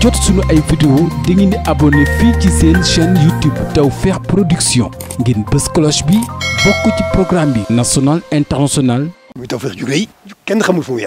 jot suñu ay vidéo da ngeen di abonné fii ci seen chaîne YouTube Tawfekh Production ngeen bës cloche bi bokk ci programme bi national international. muy Tawfekh ju kenn xamul fu mu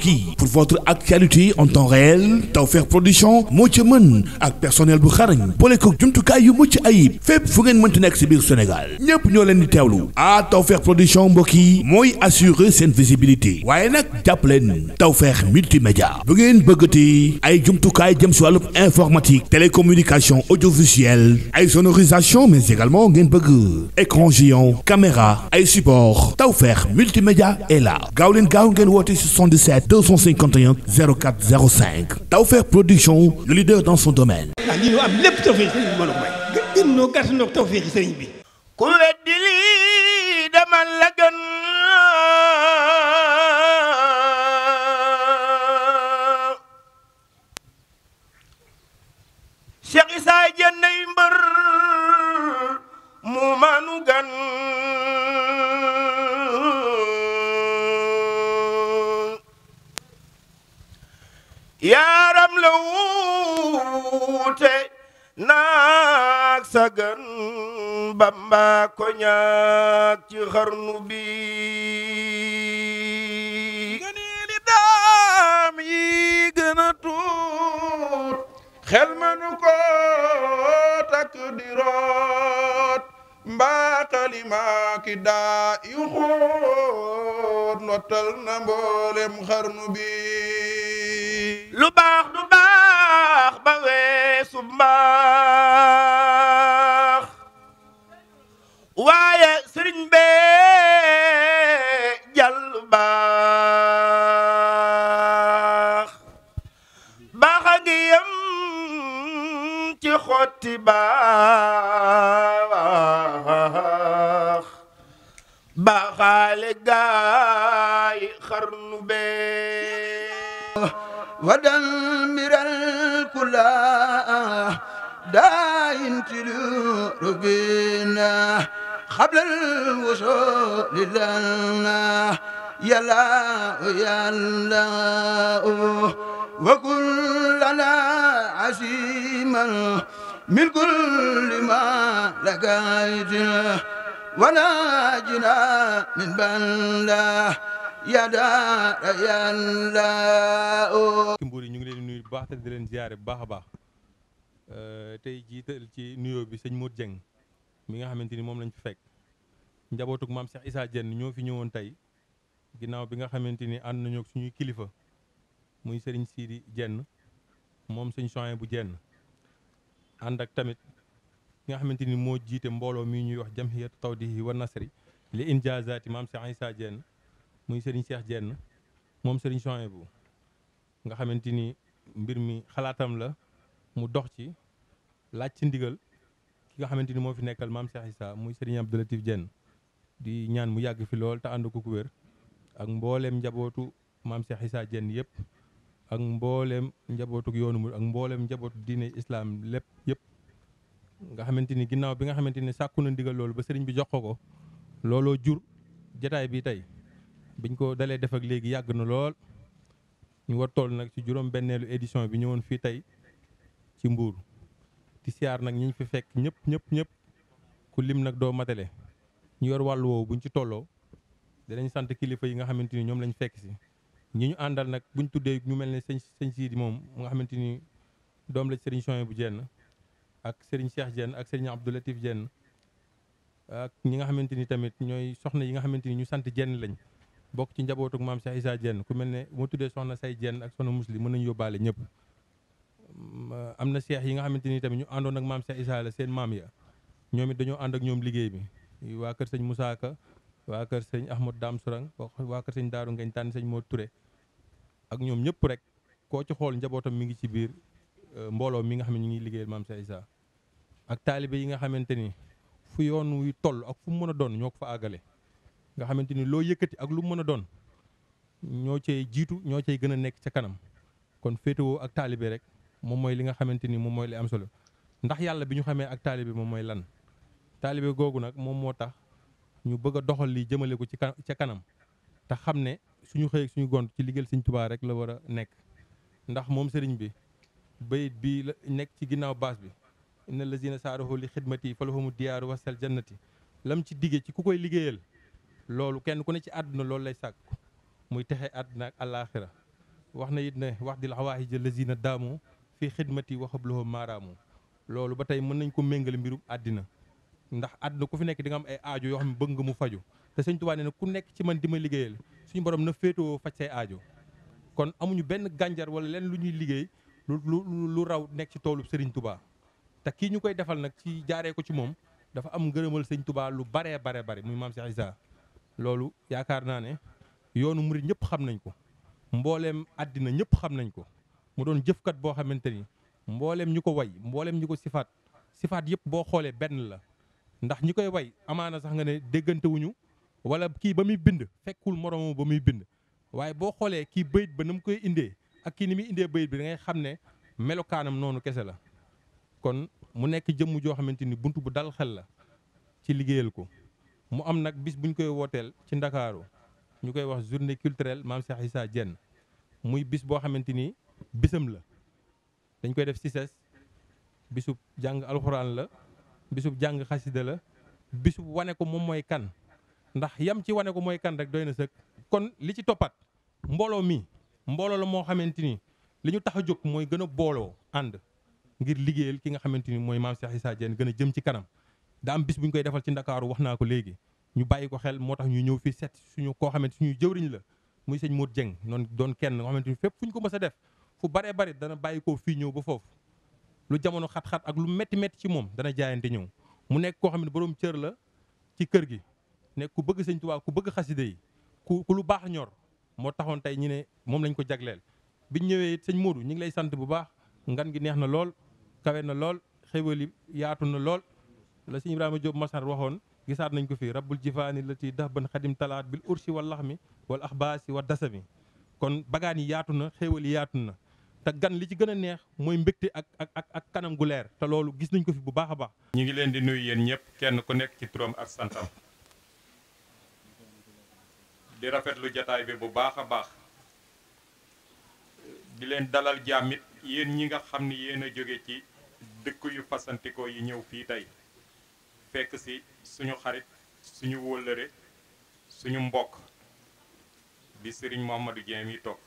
mbokk yi pour votre actualité en temps réel Tawfekh Production moo ci mën ak personnel bu xarañ boole ko jumtukaay yu mucc ayib fépp fu ngeen mënti nekk si biir Sénégal ñépp ñoo leen di teewlu ah Tawfekh Production mbokk yi mooy assurer seen visibilité waaye nag jàpp leen Tawfekh multimédia bu ngeen bëggati ay jumtukaay jëm si wàllu informatique télécommunication audiovisuelle ay sonorisation mais également ngeen bëgg écran géant caméra ay support Tawfekh multimédia est là gaaw leen gaaw ngeen woote 77 251 04 05 Tawfekh Production le leader dans son domaine. ah lii am lépp tawfeex sëriñ bi mbooloo mooy. gën gën ñoo gàtt ñoo tawfeex sëriñ bi. ku weddi lii dama la gën. Cheikh Issa Diène mbër mu manu gan. yaaram la wuute naag sagan bamba ko ñaag ci xarnu bi ngëneeli daam yi tuut xel manu ko takk di root mbaa xalimaa ki daa yu xóot na mboolem xarnu lu baax du baax ba weesu mbaax waaye sëriñ bee jàll lu baax baax a yem ci xotti baax baaxaale gaa ودمر الكلا داين تلو ربنا قبل الوصول لنا يا لا يا لا وكلنا عزيما من كل ما لقيتنا وناجنا من بلده yadaara yàlla Mbour yi ñu ngi leen di nuyu bu baax te di leen ziare bu baax a baax euh, tey jiital ci nuyoo bi sëñ Modou Dieng mi nga xamante ni moom lañ fi fekk njabootug maam Cheikh Issa Dieng ñoo fi ñëwoon tey ginnaaw bi nga xamante ni ànd nañoo suñuy kilifa muy sëriñ Sidi Dieng moom sëñ Soin bu Dieng ànd ak tamit nga xamante ni moo jiite mbooloo mi ñuy wax jamhiyat tawdihi wa nasri li injaazaati maam Cheikh Issa Dieng muy Serigne Cheikh Dieng moom Serigne Souhaïbou nga xamante ni mbir mi xalaatam la mu dox ci laaj ci ndigal ki nga xamante ni moo fi nekkal maam Cheikh Issa muy Serigne Abdou Latif Dieng di ñaan mu yàgg fi lool te ànd ko ku wér ak mbooleem njabootu maam Cheikh Issa Dieng yëpp ak mbooleem njabootu yoonu mu ak mbooleem njabootu diine islaam lépp yëpp nga xamante ni ginnaaw bi nga xamante ni sàkku na ndigal loolu ba sëriñ bi jox ko ko looloo jur jataay bi tey biñ ko dalee def ak léegi yàgg na lool ñu war toll nag ci juróom-benneelu édition bi ñëwoon fii tey ci Mbour di siyaar nag ñu fi fekk ñëpp ñëpp ñëpp ku lim nag doo matale ñu yor wàll woowu buñ ci tolloo danañ sant kilifa yi nga xamante ni ñoom lañu fekk si. ñi ñu àndal nag buñ tuddee ñu mel ne sëñ sëñ Sidi moom nga xamante ni doom la Serigne Choy bu jenn ak Serigne Cheikh jenn ak Serigne Abdou Latif jenn ak ñi nga xamante ni tamit ñooy soxna yi nga xamante ni ñu sant jenn lañ. bokk ci njabootug maam Cheikh Issa Diène ku mel ne moo tuddee soxna say Diène ak soxna muslim mën nañu yóbbaale ñëpp am na seex yi nga xamante ni tamit ñu àndoon ak maam Cheikh Issa seen maam ñoom it dañoo ànd ak ñoom liggéey bi waa kër sëñ Moussa Ka waa kër sëñ Ahmad Dam Sourang waa kër sëñ Daaru Ngañ tànn sëñ Mor Touré ak ñoom ñëpp rek koo ci xool njabootam mi ngi ci biir euh, mbooloo mi nga xam ne ñu maam Cheikh Issa ak taalibe yi nga xamante ni fu yoon wuy toll ak fu mu mën a doon ñoo ko fa àggale nga xamante ni loo yëkkati ak lu mu mën a doon ñoo cay jiitu ñoo cay gën a nekk ca kanam kon féetewoo ak taalibe rek moom mooy li nga xamante ni moom mooy li am solo ndax yàlla bi ñu xamee ak taalibe moom mooy lan. taalibe googu nag moom moo tax ñu bëgg a doxal lii jëmale ko ci ca kanam te xam ne suñu xëy suñu gont ci liggéeyal Sëñ Tuubaa rek la war a nekk ndax moom sëriñ bi bayit bi la nekk ci ginnaaw baas bi la lazina saarahu li xidmati falahumu diyaaru wasal jannati lam ci digge ci ku koy liggéeyal loolu kenn ku ne ci àdduna loolu lay sàkku muy texe àdduna ak àllaaxira wax na it ne wax di la xawaahija lazina daamu fii xidmati waxablohoo maaraamu loolu ba tey mën nañ ko méngale mbirum àddina ndax àdduna ku fi nekk di nga am ay aajo yoo xam ne bëgg nga mu faju te sëñ Tuubaa nee na ku nekk ci man di ma liggéeyal suñu borom na féetoo faj say aajo kon amuñu benn gànjar wala lenn lu ñuy liggéey lu lu raw nekk ci toolu sëriñ tubaa te kii ñu koy defal nag ci jaaree ko ci moom dafa am ngërëmal sëñ Tuubaa lu baree bare bare muy maam Cheikh loolu yaakaar naa ne yoonu murit ñëpp xam nañ ko mbooleem àddina ñëpp xam nañ ko mu doon jëfkat boo xamante ni mbooleem ñu ko way mbooleem ñu ko sifaat sifaat yëpp boo xoolee benn la ndax ñi koy way amaana sax nga ne déggantewuñu wuñu wala kii ba muy bind fekkul moroomam ba muy bind waaye boo xoolee kii bayit ba na mu koy indee ak kii ni muy indee bayit bi da ngay xam ne melokaanam noonu kese la kon mu nekk jëmm joo xamante ni bunt bu dal xel la ci liggéeyal ko mu am nag bis bu ñu koy wooteel ci ndakaaru ñu koy wax journée culturelle maam Cheikh saa jenn muy bis boo xamante ni bisam la dañ koy def CICES bisub jàng alxuraan la bisub jàng xasida la bisub wane ko moom mooy kan ndax yam ci wane ko mooy kan rek doy na sëkk. kon li ci toppaat mbooloo mi mbooloo la moo xamante ni li ñu tax a jóg mooy gën a booloo ànd ngir liggéeyal ki nga xamante ni mooy maam Cheikh Issa Diène gën a jëm ci kanam. daam bis bu ñu koy defal ci ndakaaru wax naa ko léegi ñu bàyyi ko xel moo tax ñu ñëw fii seet suñu koo xamante suñu jëwriñ la muy sëñ Modou Dieng noonu doon kenn nga xamante ni fépp fu ko mës a def fu baree bari dana bàyyi koo fii ñëw ba foofu lu jamono xat-xat ak lu metti metti ci moom dana jaayante ñëw mu nekk koo xam ne boroom cër la ci kër gi nekk ku bëgg sëñ Tuubaa ku bëgg xaside yi ku lu baax ñor moo taxoon tey ñu ne moom lañ ko jagleel biñ ñëwee sëñ Modou ñu ngi lay sant bu baax ngan gi neex na lool kawe na lool xéwal yi yaatu na lool la sëñ Ibrahima Diop Masar waxoon gisaat nañ ko fii rabbul jifaani la ci dax ban xadim talaat bil ursi wal laxmi wal axbaasi wa mi kon bagaan yi yaatu na xéewal yaatu na te gan li ci gën a neex mooy mbégte ak ak ak kanam gu leer te loolu gis nañ ko fi bu baax a baax. ñu ngi leen di nuyu yéen ñëpp kenn ku nekk ci turam ak santam di rafetlu jataay bi bu baax a baax di leen dalal jàmm it yéen ñi nga xam ni yéen a jóge ci dëkk yu fasantikoo yi ñëw fii tey. fekk si suñu xarit suñu wóllëre suñu mbokk bi sëriñ Mouhamadou Dieng mi toog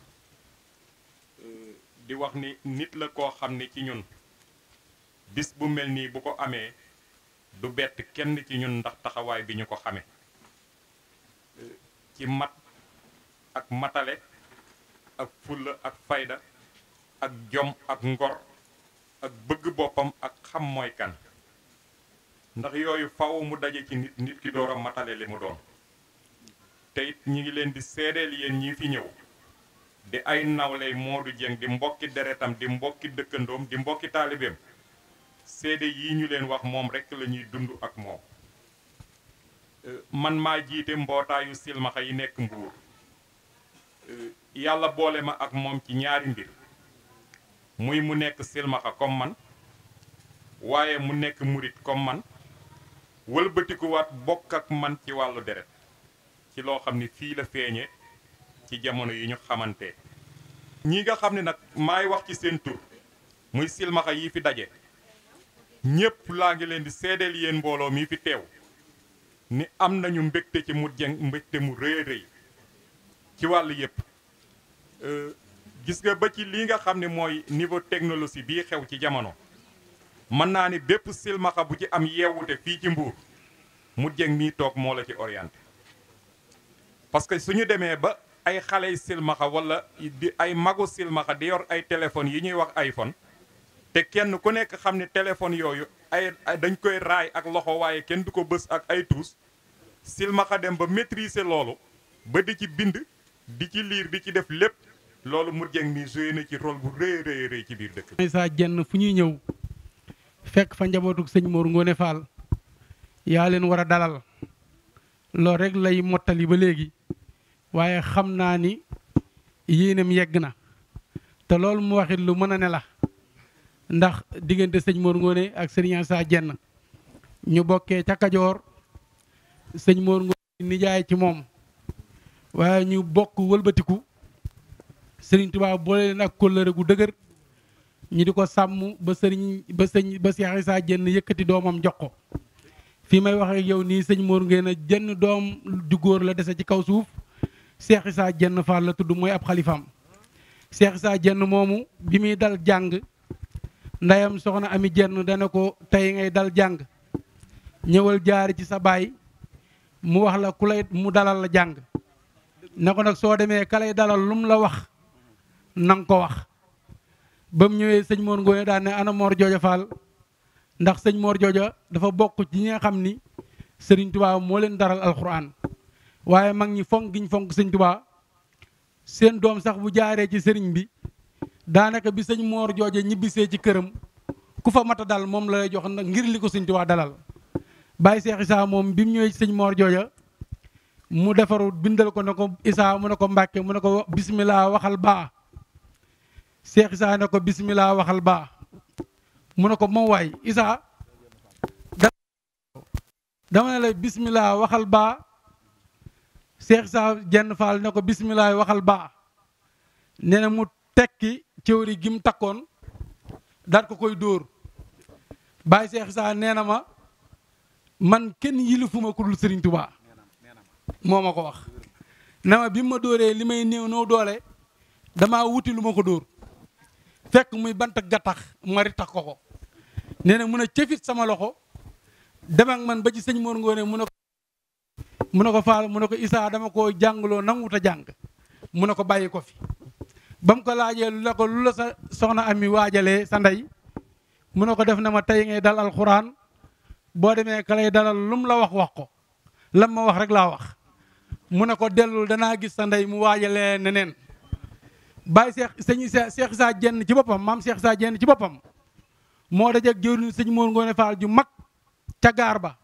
di wax ni nit la koo xam ne ci ñun bis bu mel nii bu ko amee du bett kenn ci ñun ndax taxawaay bi ñu ko xamee ci mat ak matale ak fulla ak fayda ak jom ak ngor ak bëgg boppam ak xam mooy ndax yooyu faw mu daje ci nit ki door a matale li mu doon tey ñu ngi leen di seedeel yéen ñi fi ñëw di ay nawley Modou Dieng di mbokki deretam di mbokki dëkkandoom di mbokki taalibeem seede yii ñu leen wax moom rekk la ñuy dund ak moom euh, man maa jiite mbootaayu silmaxa yi nekk mbuur euh, yàlla boole ma ak moom ci ñaari mbir muy mu nekk silmaxa comme man waaye mu nekk murit comme man wëlbatikuwaat bokk ak man ci wàllu deret ci loo xam ni fii la feeñe ci jamono yi ñu xamante ñi nga xam ne nag maay wax ci seen tur muy silmaxa yi fi daje ñépp laa ngi leen di seedeel yéen mbooloo mi fi teew ni am nañu mbégte ci mu jeng mbégte mu rëy rëy ci wàll yépp euh, gis nga ba ci li nga xam ne mooy niveau technologie bii xew ci jamono mën naa ni bépp silmaxa bu ci am yeewute fii ci mbuur mu jëng mii toog moo la ci oriente parce que suñu demee ba ay xaley silmaxa wala di ay magu silmaxa di yor ay téléphones yi ñuy wax iPhone te kenn ku nekk xam ne téléphone yooyu ay dañ koy raay ak loxo waaye kenn du ko bës ak ay tuus silmaxa dem ba maîtriser loolu ba di ci bind di ci liir di ci def lépp loolu mu jëng mii na ci rôle bu rëy rëy rëy ci biir dëkk bi. fu ñuy ñëw. fekk fa njabootug sëñ Mor Ngoone Fall yaa leen war a dalal loolu rek lay mottali ba léegi waaye xam naa ni yéenam yegg na te loolu mu waxit lu mën a ne la ndax diggante sëñ Mor Ngoone ak sëñ Ansa Jenn ñu bokkee ca Kajoor sëñ Mor Ngoone nijaay ci moom waaye ñu bokk wëlbatiku Sëriñ Tuubaa boole leen ak kóllëre gu dëgër ñi di ko sàmm ba sëriñ ba sëñ ba Cheikh saa Diène yëkkati doomam jox ko fii may wax yow nii sëñ Mor Ngéna jenn doom ju góor la dese ci kaw suuf Cheikh saa Diène far la tudd mooy ab xalifaam Cheikh saa Diène moomu bi muy dal jàng ndeyam soxna Ami Diène dana ko tey ngay dal jàng ñëwal jaari ci sa baay mu wax la ku lay mu dalal la jàng na ko nag soo demee ka lay dalal lum la wax nanga ko wax ba mu ñëwee sëñ Mor Ngoye daan ne ana Mor Jooja Fall ndax sëñ moor Jooja dafa bokk ci ñi nga xam ni sëriñ Tuubaa moo leen daral alxuraan waaye mag ñi fonk giñ fonk sëñ Tuubaa seen doom sax bu jaaree ci sëriñ bi daanaka bi sëñ Mor Jooja ñibbisee ci këram ku fa mata dal moom la lay jox nag ngir li ko sëñ Tuubaa dalal Baye seex Issa moom bi mu ñëwee sëñ moor Jooja mu defaru bindal ko ne ko Issa mu ne ko Mbàkke mu ne ko bismillah waxal baa Cheikh Issa ne ko bismillah waxal baa mu ne ko moom waay Issa dama ne la bismillah waxal baa Cheikh Issa jenn faal ne ko bismillah waxal baa nee na mu tekki cëwri gi mu takkoon daat ko koy dóor Baye Cheikh Issa nee na ma man kenn yilifuma ku dul Serigne Touba moo ma ko wax. na ma bi ma dóoree li may néew noo doole damaa wuti lu ma ko dóor. fekk muy bant gattax ma ritax ko ko nee na mun a cëfit sama loxo dem man ba ci sëñ Mor Ngoone mu ne ko mu ko faal mun ne ko Isaa dama koo jàngloo nanguwut a jàng mu ne ko bàyyi ko fi ba mu ko laajee lu la ko lu la sa soxna ami waajalee sa ndey mu ne ko def na ma tey ngay dal alxuraan boo demee ka yi dalal lum la wax wax ko lam ma wax rek laa wax mu ne ko dellul danaa gis sa ndey mu waajalee neneen bàyyi seex sëñ seex isaa jenn ci boppam maam seex isaa jenn ci boppam moo daja jëwriñ sëñ Mor Ngoone Faal ju mag ca gaar ba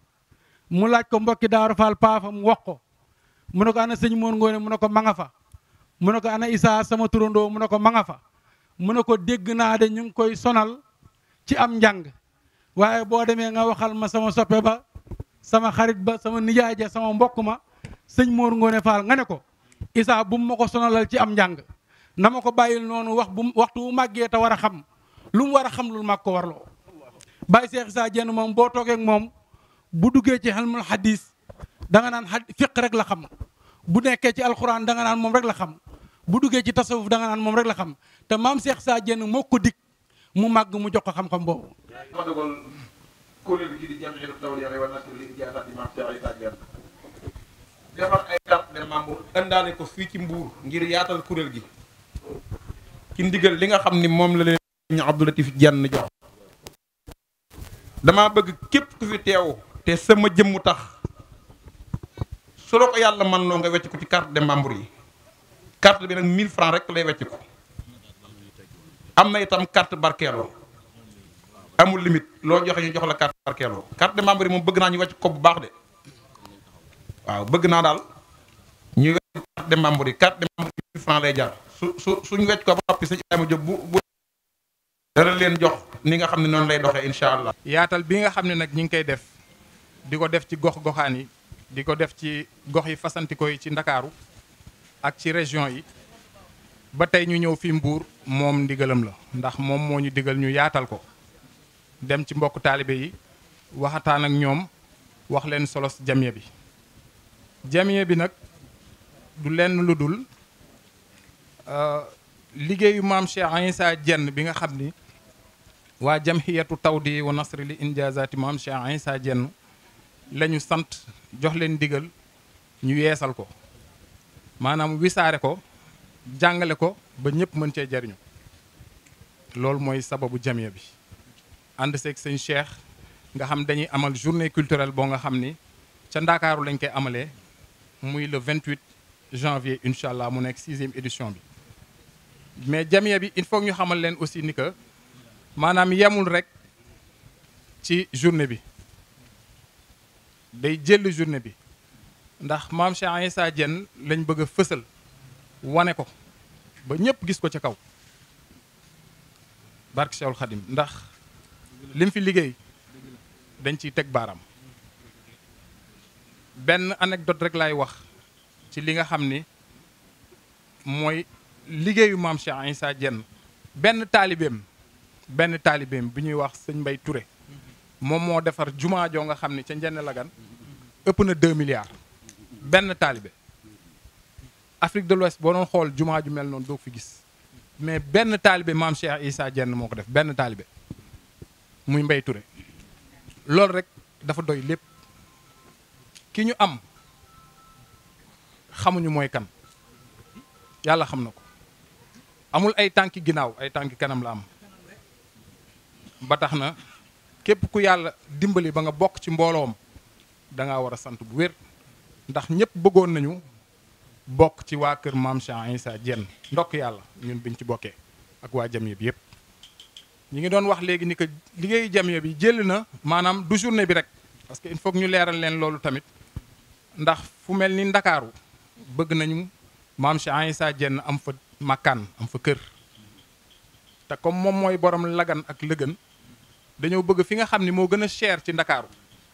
mu laaj ko mbokki daaru faal paafam wax ko mu ne ko ana sëñ moor Ngoone mu ne ko ma nga fa mu ne ko ana isaa sama turandoo mu ne ko manga fa mu ne ko dégg naa de ñu ngi koy sonal ci am njàng waaye boo demee nga waxal ma sama soppe ba sama xarit ba sama nijaay ja sama mbokk ma sëñ moor Ngoone Faal nga ne ko isaa bu mu ma ko sonalal ci am njàng na ma ko bàyyil noonu wax bu waxtu wu màggee te war a xam lu mu war a xam lu mag ko warloo Baye Cheikh Issa Dieng moom boo toogee moom bu duggee ci xelmul xadis da nga naan fiq rek la xam bu nekkee ci alxuraan da nga naan moom rek la xam bu duggee ci tasawuf da nga naan moom rek la xam te maam seex sa Dieng moo ko dig mu màgg mu jox ko xam-xam boobu. ko fii ci Mbour ngir yaatal kuréel gi. ci ndigal li nga xam ni moom la leen ñu Abdoulatif Diène jox dama bëgg képp ku fi teew te sama jëmmu tax su la ko yàlla man loo nga wecc ko ci carte de membre yi carte bi nag 1000 francs rek lay wecc ko am na itam carte barkeeloo amul limit loo joxe ñu jox la carte barkeeloo carte de membre yi moom bëgg naa ñu wecc ko bu baax de waaw bëgg naa daal ñu wecc carte de membre yi carte de membre yi 1000 francs lay jar su su suñ wecc ko ba noppi sëñ Ibrahima Diop bu bu dara leen jox ni nga xam ne noonu lay doxe incha allah. yaatal bi nga xam ne nag ñi ngi koy def di ko def ci gox goxaan yi di ko def ci gox yi fasantikoo yi ci ndakaaru ak ci région yi ba tey ñu ñëw fi mbuur moom ndigalam la ndax moom moo ñu digal ñu yaatal ko dem ci mbokk taalibe yi waxataan ak ñoom wax leen solos jamiya bi jamiya bi nag du lenn lu dul liggéeyu maam Cheikh Insa Diène bi nga xam ni waa jamhiyatu tawdi wa nasri li injazati maam Cheikh Insa Diène la ñu sant jox leen ndigal ñu yeesal ko maanaam wisaare ko jàngale ko ba ñëpp mën cee jariñu loolu mooy sababu jamiya bi ànd seeg sëñ Cheikh nga xam dañuy amal journée culturelle boo nga xam ni ca Ndakaaru lañ koy amalee muy le 28 janvier incha allah mu nekk sixième édition bi mais jamie bi il ñu xamal leen aussi ni que maanaam yemul rek ci journée bi day jël journée bi ndax maam Cheikh Issa Diène lañ bëgg fësal wane ko ba ñëpp gis ko ca kaw barke Cheikhul ndax lim fi liggéey dañ ciy teg baaraam benn anecdote rek laay wax ci li nga xam ni mooy liggéeyu maam Cheikh Issa Diène benn taalibeem benn taalibeem bi ñuy wax sëñ Mbay ture moom moo defar jumaa joo nga xam ne ca Njenn Lagan ëpp na 2 milliards benn taalibe Afrique de l'Ouest boo doon xool jumaa ju mel noonu doo fi gis mais benn taalibe maam Cheikh Issa Diène moo ko def benn taalibe muy Mbay Touré loolu rek dafa doy lépp ki ñu am xamuñu mooy kan yàlla xam na ko amul ay tànki ginnaaw ay tànki kanam la am ba tax na képp ku yàlla dimbali ba nga bokk ci mbooloom da ngaa war a sant bu wér ndax ñëpp bëggoon nañu bokk ci waa kër maam Cheikh Issa Diène ndokk yàlla ñun biñ ci bokkee ak waa jamiya bi yëpp. ñi ngi doon wax léegi ni que liggéeyu jamiya bi jël na maanaam du journée bi rek parce que il faut ñu leeral leen loolu tamit ndax fu mel ni ndakaaru bëgg nañu maam Cheikh Issa Diène am fa. màkkaan am fa kër te comme moom mooy borom lagan ak lëgën dañoo bëgg fi nga xam ni moo gën a cher ci ndakaaru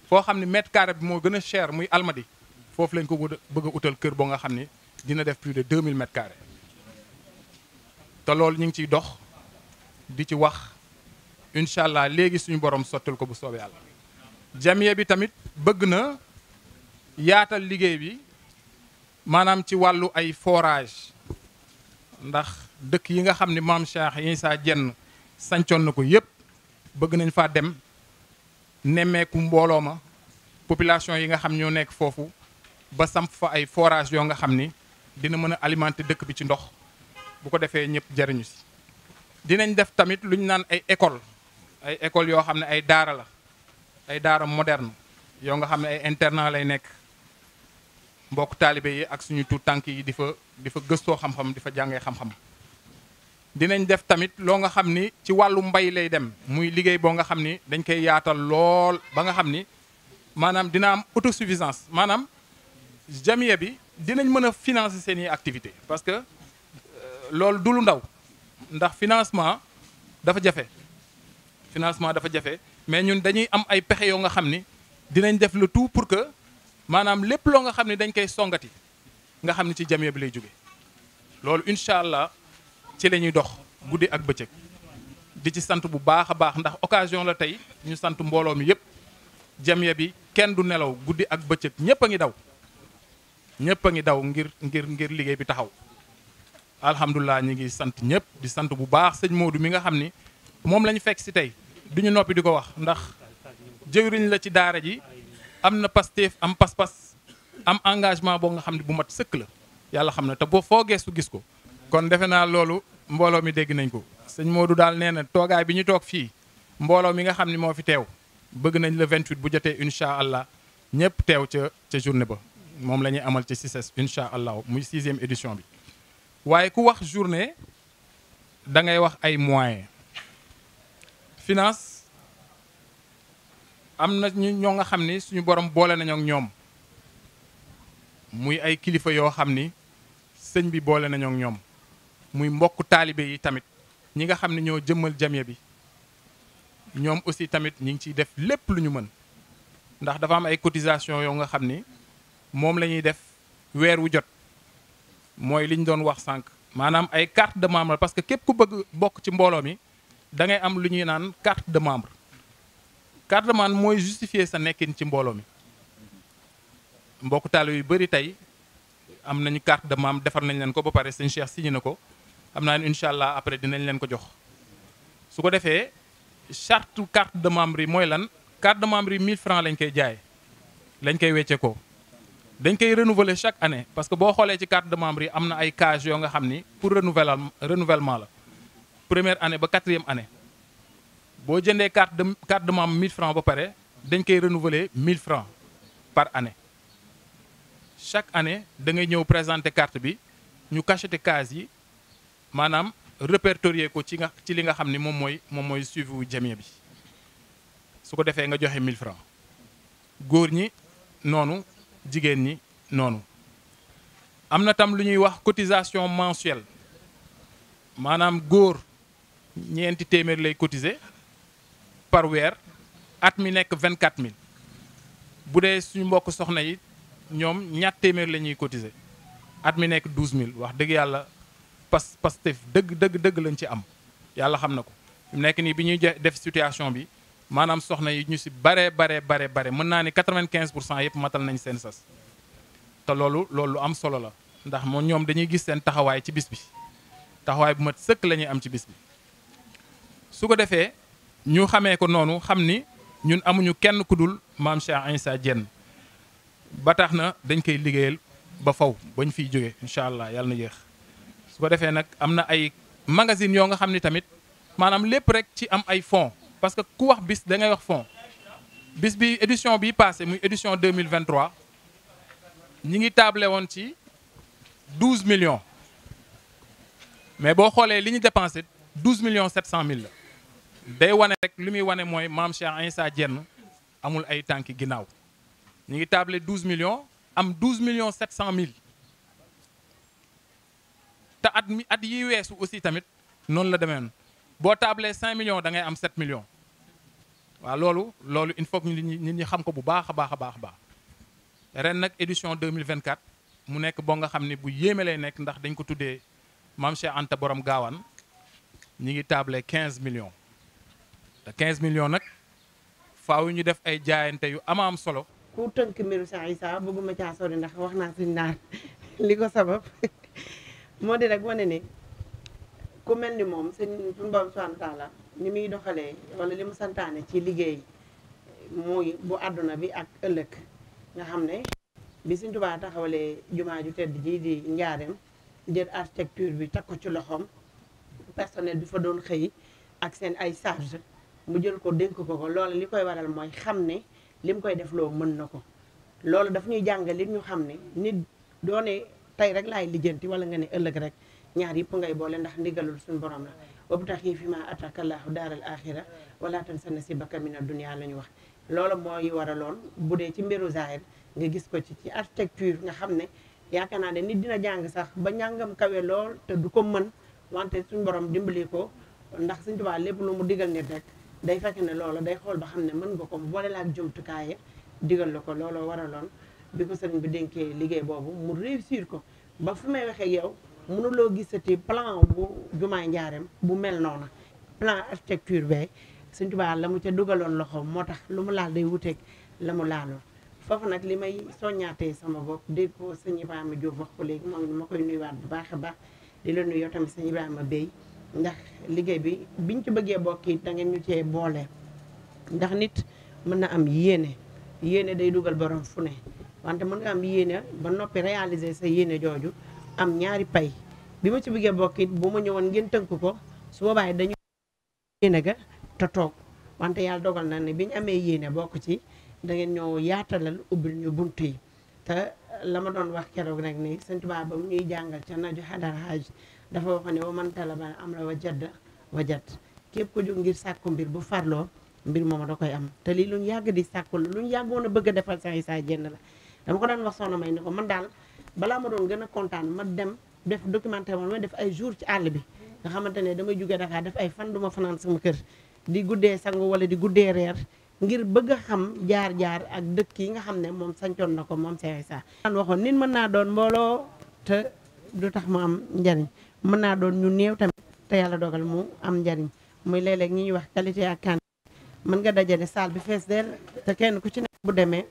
foo xam ne mètre carré bi moo gën a cher muy almadi foofu lañ ko bëgg a utal kër boo nga xam ne dina def plus de 2000 mètres te loolu ñu ngi ciy dox di ci wax incha allah léegi suñu borom sottal ko bu soobee yàlla. jamiya bi tamit bëgg na yaatal liggéey bi maanaam ci wàllu ay forage ndax dëkk yi nga xam ni maam Cheikh Issa Dieng sancoon na ko yëpp bëgg nañu faa dem nemmeeku mbooloo ma population yi nga xam ñoo nekk foofu ba samp fa ay forage yoo nga xam ni dina mën a alimenter dëkk bi ci ndox bu ko defee ñëpp jariñu si dinañ def tamit lu ñu naan ay école ay école yoo xam ne ay daara la ay daara moderne yoo nga xam ne ay internat lay nekk mbokk taalibe yi ak suñu tuut tànk yi di fa di fa gëstoo xam-xam di fa jàngee xam-xam dinañ def tamit loo nga xam ni ci wàllu mbay lay dem muy liggéey boo nga xam ni dañ koy yaatal lool ba nga xam ni maanaam dina am autosuffisance maanaam jamiya bi dinañ mën a financer seen i activité parce que euh, loolu du ndaw ndax financement dafa jafe financement dafa jafe mais ñun dañuy am ay pexe yoo nga xam ni dinañ def le tout pour que maanaam lépp loo nga xam ne dañ koy songati nga xam ne ci jamiya bi lay jóge loolu incha allah ci la ñuy dox guddi ak bëccëg di ci sant bu baax a baax ndax occasion la tey ñu sant mbooloo mi yëpp jamiya bi kenn du nelaw guddi ak bëccëg ñëpp a ngi daw ñëpp a ngi daw ngir ngir ngir liggéey bi taxaw alhamdulilah ñi ngi sant ñëpp di sant bu baax sëñ Modou mi nga xam ni moom la ñu fekk si tey du ñu noppi di ko wax ndax jëwriñ la ci daara ji am na pasteef am pas-pas am engagement boo nga xam ne bu mat sëkk la yàlla xam na te boo foo geestu gis ko. kon defe naa loolu mbooloo mi dégg nañ ko sëñ Modou daal nee na toogaay bi ñu toog fii mbooloo mi nga xam ni moo fi teew bëgg nañ le 28 bu jotee incha allah ñëpp teew ca ca journée ba moom la ñuy amal ci CICES incha allah muy sixième édition bi. waaye ku wax journée da ngay wax ay moyens am na ñu ñoo nga xam ni suñu borom boole nañu ak ñoom muy ay kilifa yoo xam ni sëñ bi boole nañu ak ñoom muy mbokk taalibe yi tamit ñi nga xam ne ñoo jëmmal jamiya bi ñoom aussi tamit ñi ngi ciy def lépp lu ñu mën ndax dafa am ay cotisation yoo nga xam ni moom la ñuy def weer wu jot mooy li ñu doon wax sànq maanaam ay carte de membre parce que képp ku bëgg bokk ci mbooloo mi da ngay am lu ñuy naan carte de membre carte de membre mooy justifier sa nekkin ci mbooloo mi mbokk taal yu bëri tey am nañu carte de defar nañ leen ko ba pare sëñ Cheikh signé na ko am naa ne incha allah après dinañ leen ko jox su ko defee charte carte de membre yi mooy lan carte de membre yi 1000 francs lañ koy jaaye lañ koy wecce koo dañ koy renouveler chaque année parce que boo xoolee ci carte de yi am na ay cage yoo nga xam ni pour renouvellement renouvellement la première anne ba quatrième année boo jëndee carte de carte de membre 1000 francs ba pare dañ koy renouveler 1000 francs par année chaque année da ngay ñëw présenter carte bi ñu cacheter case yi maanaam répertorier ko ci nga ci li nga xam ni moom mooy moom mooy suivi wu jamia bi su ko defee nga joxe 1000 francs góor ñi noonu jigéen ñi noonu am na tam lu ñuy wax cotisation mensuelle maanaam góor ñeenti téeméer lay cotisé par weer at mi nekk vingt quatre mille bu dee suñu mbokk soxna yi ñoom ñaat téeméer la ñuy cotiser at mi nekk douze mille wax dëgg yàlla pas Pastef dëgg dëgg dëgg lañ ci am yàlla xam na ko mu nekk nii bi ñuy def situation bi maanaam soxna yi ñu si bare bare bare bare mën naa ni quatre-vingt-quinze pour cent yëpp matal nañu seen sas te loolu loolu lu am solo la ndax moom ñoom dañuy gis seen taxawaay ci bis bi taxawaay bu mat sëkk la ñuy am ci bis bi su ko defee ñu xamee ko noonu xam ni ñun amuñu kenn ku dul maam Cheikh Insa Diène ba tax na dañ koy liggéeyal ba faw bañ fiy jógee incha allah yàlla na jeex su ko defee nag am na ay magasin yoo nga xam ni tamit maanaam lépp rek ci am ay fonds parce que ku wax bis da ngay wax fonds bis bi édition bi passé muy édition 2023 ñi ngi tablé woon ci 12 millions mais boo xoolee li ñu dépensé 12 millions 700 mille la day wane rek li muy wane mooy maam Cheikh Insa Diène amul ay tànki ginnaaw ñu ngi tablé 12 millions am million millions cent mille te at mi at yi weesu aussi tamit noonu la demee boo tablé 5 millions da ngay am 7 million waaw loolu loolu il faut que nit ñi xam ko bu baax a baax a baax baax ren nag édition 2024 mu nekk boo nga xam ne bu yéeme lay nekk ndax dañ ko tuddee maam Cheikh Anta borom gaawaan ñi ngi tablé 15 millions. te 15 millions nag faaw ñu def ay jaayante yu ama am solo. ku tënk mbiru Cheikh Issa bëgguma caa sori ndax wax naa suñ naan li ko sabab moo di rek wane ni ku mel ni moom seen suñu borom subhanahu taala ni muy doxalee wala li mu santaane ci liggéey muy bu àdduna bi ak ëllëg nga xam ne bi suñ Tuubaa taxawalee jumaa ju tedd jii di njaareem jël architecture bi takk ko ci loxoom personnel bi fa doon xëy ak seen ay charge mu jël ko dénk ko ko loolu li koy waral mooy xam ne li mu koy def loo mën na ko loolu daf ñuy jàngal li ñu xam ne nit doone tey rek laay lijjanti wala nga ne ëllëg rek ñaar yëpp ngay boole ndax ndigalul suñu borom la wabtaxi fi ma ataka laahu daaral axira wala tansa nasiibaka mina dunya la ñu wax loolu mooy waraloon bu dee ci mbiru nga gis ko ci ci architecture nga xam ne yaakaar naa ne nit dina jàng sax ba njàngam kawe lool te du ko mën wante suñu borom dimbali ko ndax suñ tubaab lépp lu mu digal nit rek day fekk ne loola day xool ba xam ne mën nga ko boole laak jumtukaay digal la ko looloo waraloon bi ko sëriñ bi dénkee liggéey boobu mu réussir ko ba fu may waxee yow mënuloo gisati plan bu jumaa njaareem bu mel noona plan architecture bee Sëriñ Tuubaa la mu ca dugaloon loxo moo tax lu mu laal day wuteeg la mu laaloon foofu nag li may soññaatee sama bopp dégg ko sëñ Ibrahima Diop wax ko léegi moom ma koy nuyuwaat bu baax a baax di la nuyu yow tamit sëñ Ibrahima béy ndax liggéey bi biñ ci bëggee bokk it da ngeen ñu cee boole ndax nit mën na am yéene yéene day dugal borom fu ne wante mën nga am yéene ba noppi réaliser sa yéene jooju am ñaari pay bi ma ci bëggee bokk it bu ma ñëwoon ngeen tënk ko su boobaay dañu yéene ga te toog wante yàlla dogal na ne bi ñu amee yéene bokk ci da ngeen ñoo yaatalal ubbil ñu bunt yi te la ma doon wax keroog rek ni Sëñ Tuubaa ba mu ñuy jàngal ca naju xadar xaaj dafa wax ne wa man talaba am la wa jadd wa jadd képp ku jóg ngir sàkku mbir bu farloo mbir mooma da koy am te lii luñ yàgg di sàkku la luñ yàggoon a bëgg a defal Cheikh Issa Diène la dama ko daan wax soxna may ne ko man daal balaa ma doon gën a kontaan ma dem def documentaire ma def ay jour ci àll bi nga xamante ne damay jóge Dakar def ay fan duma fanaan sama kër di guddee sangu wala di guddee reer ngir bëgg a xam jaar-jaar ak dëkk yi nga xam ne moom sancoon na ko moom Cheikh Issa daan waxoon nit mën naa doon mbooloo te du tax mu am njariñ mën naa doon ñu néew tamit te yàlla dogal mu am njariñ muy léeg-léeg ñuy wax qualité ak quantité mën nga dajale saal bi fees dell te kenn ku ci nekk bu demee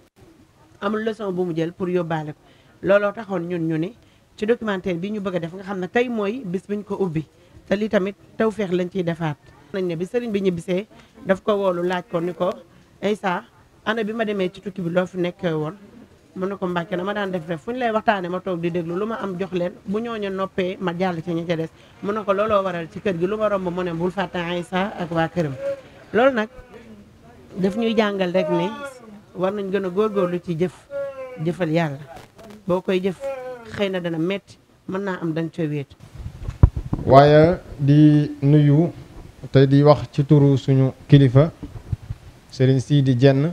amul leçon bu mu jël pour yóbbaale ko looloo taxoon ñun ñu ni ci documentaire bi ñu bëgg def nga xam ne tey mooy bis biñ ko ubbi te lii tamit tawféex lañ ciy defaat nañ ne bi sëriñ bi ñibbisee daf ko woolu laaj ko ni ko Aïssa ana bi ma demee ci tukki bi loo fi nekkee woon mu ne ko mbàkke dama daan def rek fu ñu lay waxtaane ma toog di déglu lu ma am jox leen bu ñooñu noppee ma jàll ci ñi ca des mu ne ko looloo waral ci kër gi lu ma romb mu ne bul fàtte saa ak waa këram loolu nag daf ñuy jàngal rek ni war nañ gën a góor góor lu ci jëf jëfal yàlla boo koy jëf xëy na dana metti mën naa am dañ ca wéet waaye di nuyu te di wax ci turu suñu kilifa sëriñ sii di Dieng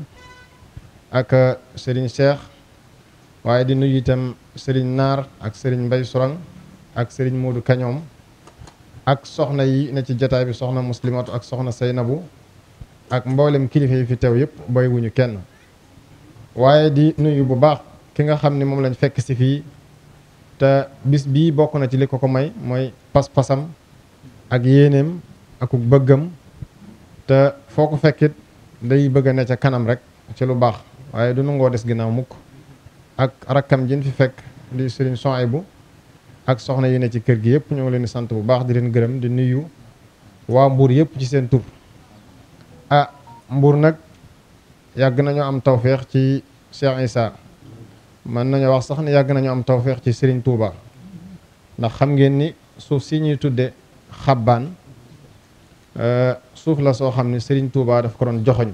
ak sëriñ Cheikh waaye di nuyu itam Serigne Naar ak Serigne Mbay Sourang ak Serigne Modou Kañoom ak soxna yi ne ci jataay bi soxna muslimatu ak soxna Saynabu ak mboolem kilifa yi fi teew yëpp boy wuñu kenn waaye di nuyu bu baax ki nga xam ni moom lañ fekk si fii te bis bii bokk na ci li ko ko may mooy pas-pasam ak yéeneem ak bëggam te foo ko fekkit day bëgg a ne ca kanam rek ci lu baax waaye du nangoo des ginnaaw mukk ak rakkam jin fi fekk di Serigne bu ak soxna yi ne ci kër gi yëpp ñoo leen di sant bu baax di leen gërëm di nuyu waa mbuur yëpp ci seen tur a ah, mbuur nag yàgg nañu am tawféex ci Cheikh Issa mën nañoo wax sax ne yàgg nañu am tawféex ci Serigne Touba ndax xam ngeen ni suuf si ñuy tudde xabbaan euh, suuf la soo xam ne sëriñ Touba daf ko doon joxoñ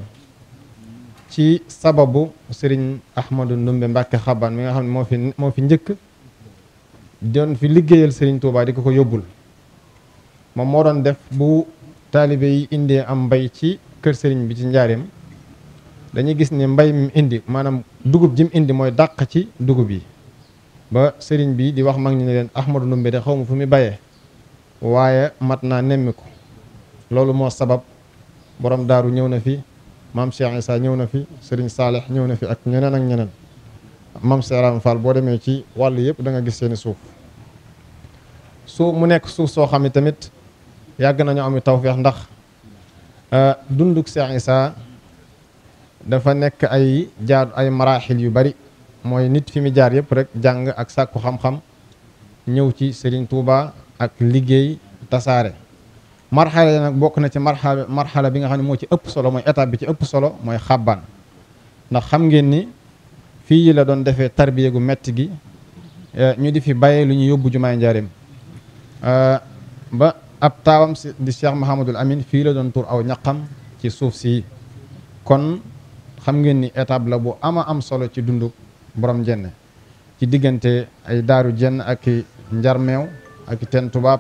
ci sababu sëriñ Ahmadou Ndumbe Mbàkke Xaban mi nga xam ne moo fi moo fi njëkk doon fi liggéeyal sëriñ Touba di ko ko yóbbul moom moo doon def bu taalibe yi indee am mbay ci kër sëriñ bi ci njaareem dañuy gis ne mbay mi indi maanaam dugub ji indi mooy dàq ci dugub yi ba sëriñ bi di wax mag ñu ne leen Ahmadou Ndumbe de xaw ma fu muy bayee waaye mat naa nemmi ko loolu moo sabab borom daaru ñëw na fi maam Cheikh ñëw na fi Serigne Saleh ñëw na fi ak ñeneen ak ñeneen mam Seeraam Fall boo demee ci wàll yëpp da gis seeni suuf suuf mu nekk suuf soo xam ne tamit yàgg nañu am tawfeex ndax euh, dunduk Cheikh Issa dafa nekk ay jaar ay maraaxil yu bari mooy nit fi mi jaar yépp rek jàng ak sàkku xam-xam ñëw ci Serigne Touba ak liggéey tasaare marxala yi nag bokk na ci marxala marxala bi nga xam ne moo ci ëpp solo mooy étape bi ci ëpp solo mooy xàbbaan ndax xam ngeen ni fii la doon defee tarbiye gu metti gi eh, ñu di fi bàyyee lu ñuy yóbbu jumaay njaareem eh, ba ab taawam di Cheikh Mahamadul Amin fii la doon tur aw ñaqam ci suuf si kon xam ngeen ni étape la bu ama am solo ci dundu boroom jenne ci diggante ay daaru jenn ak njarmeew ak teen tubaab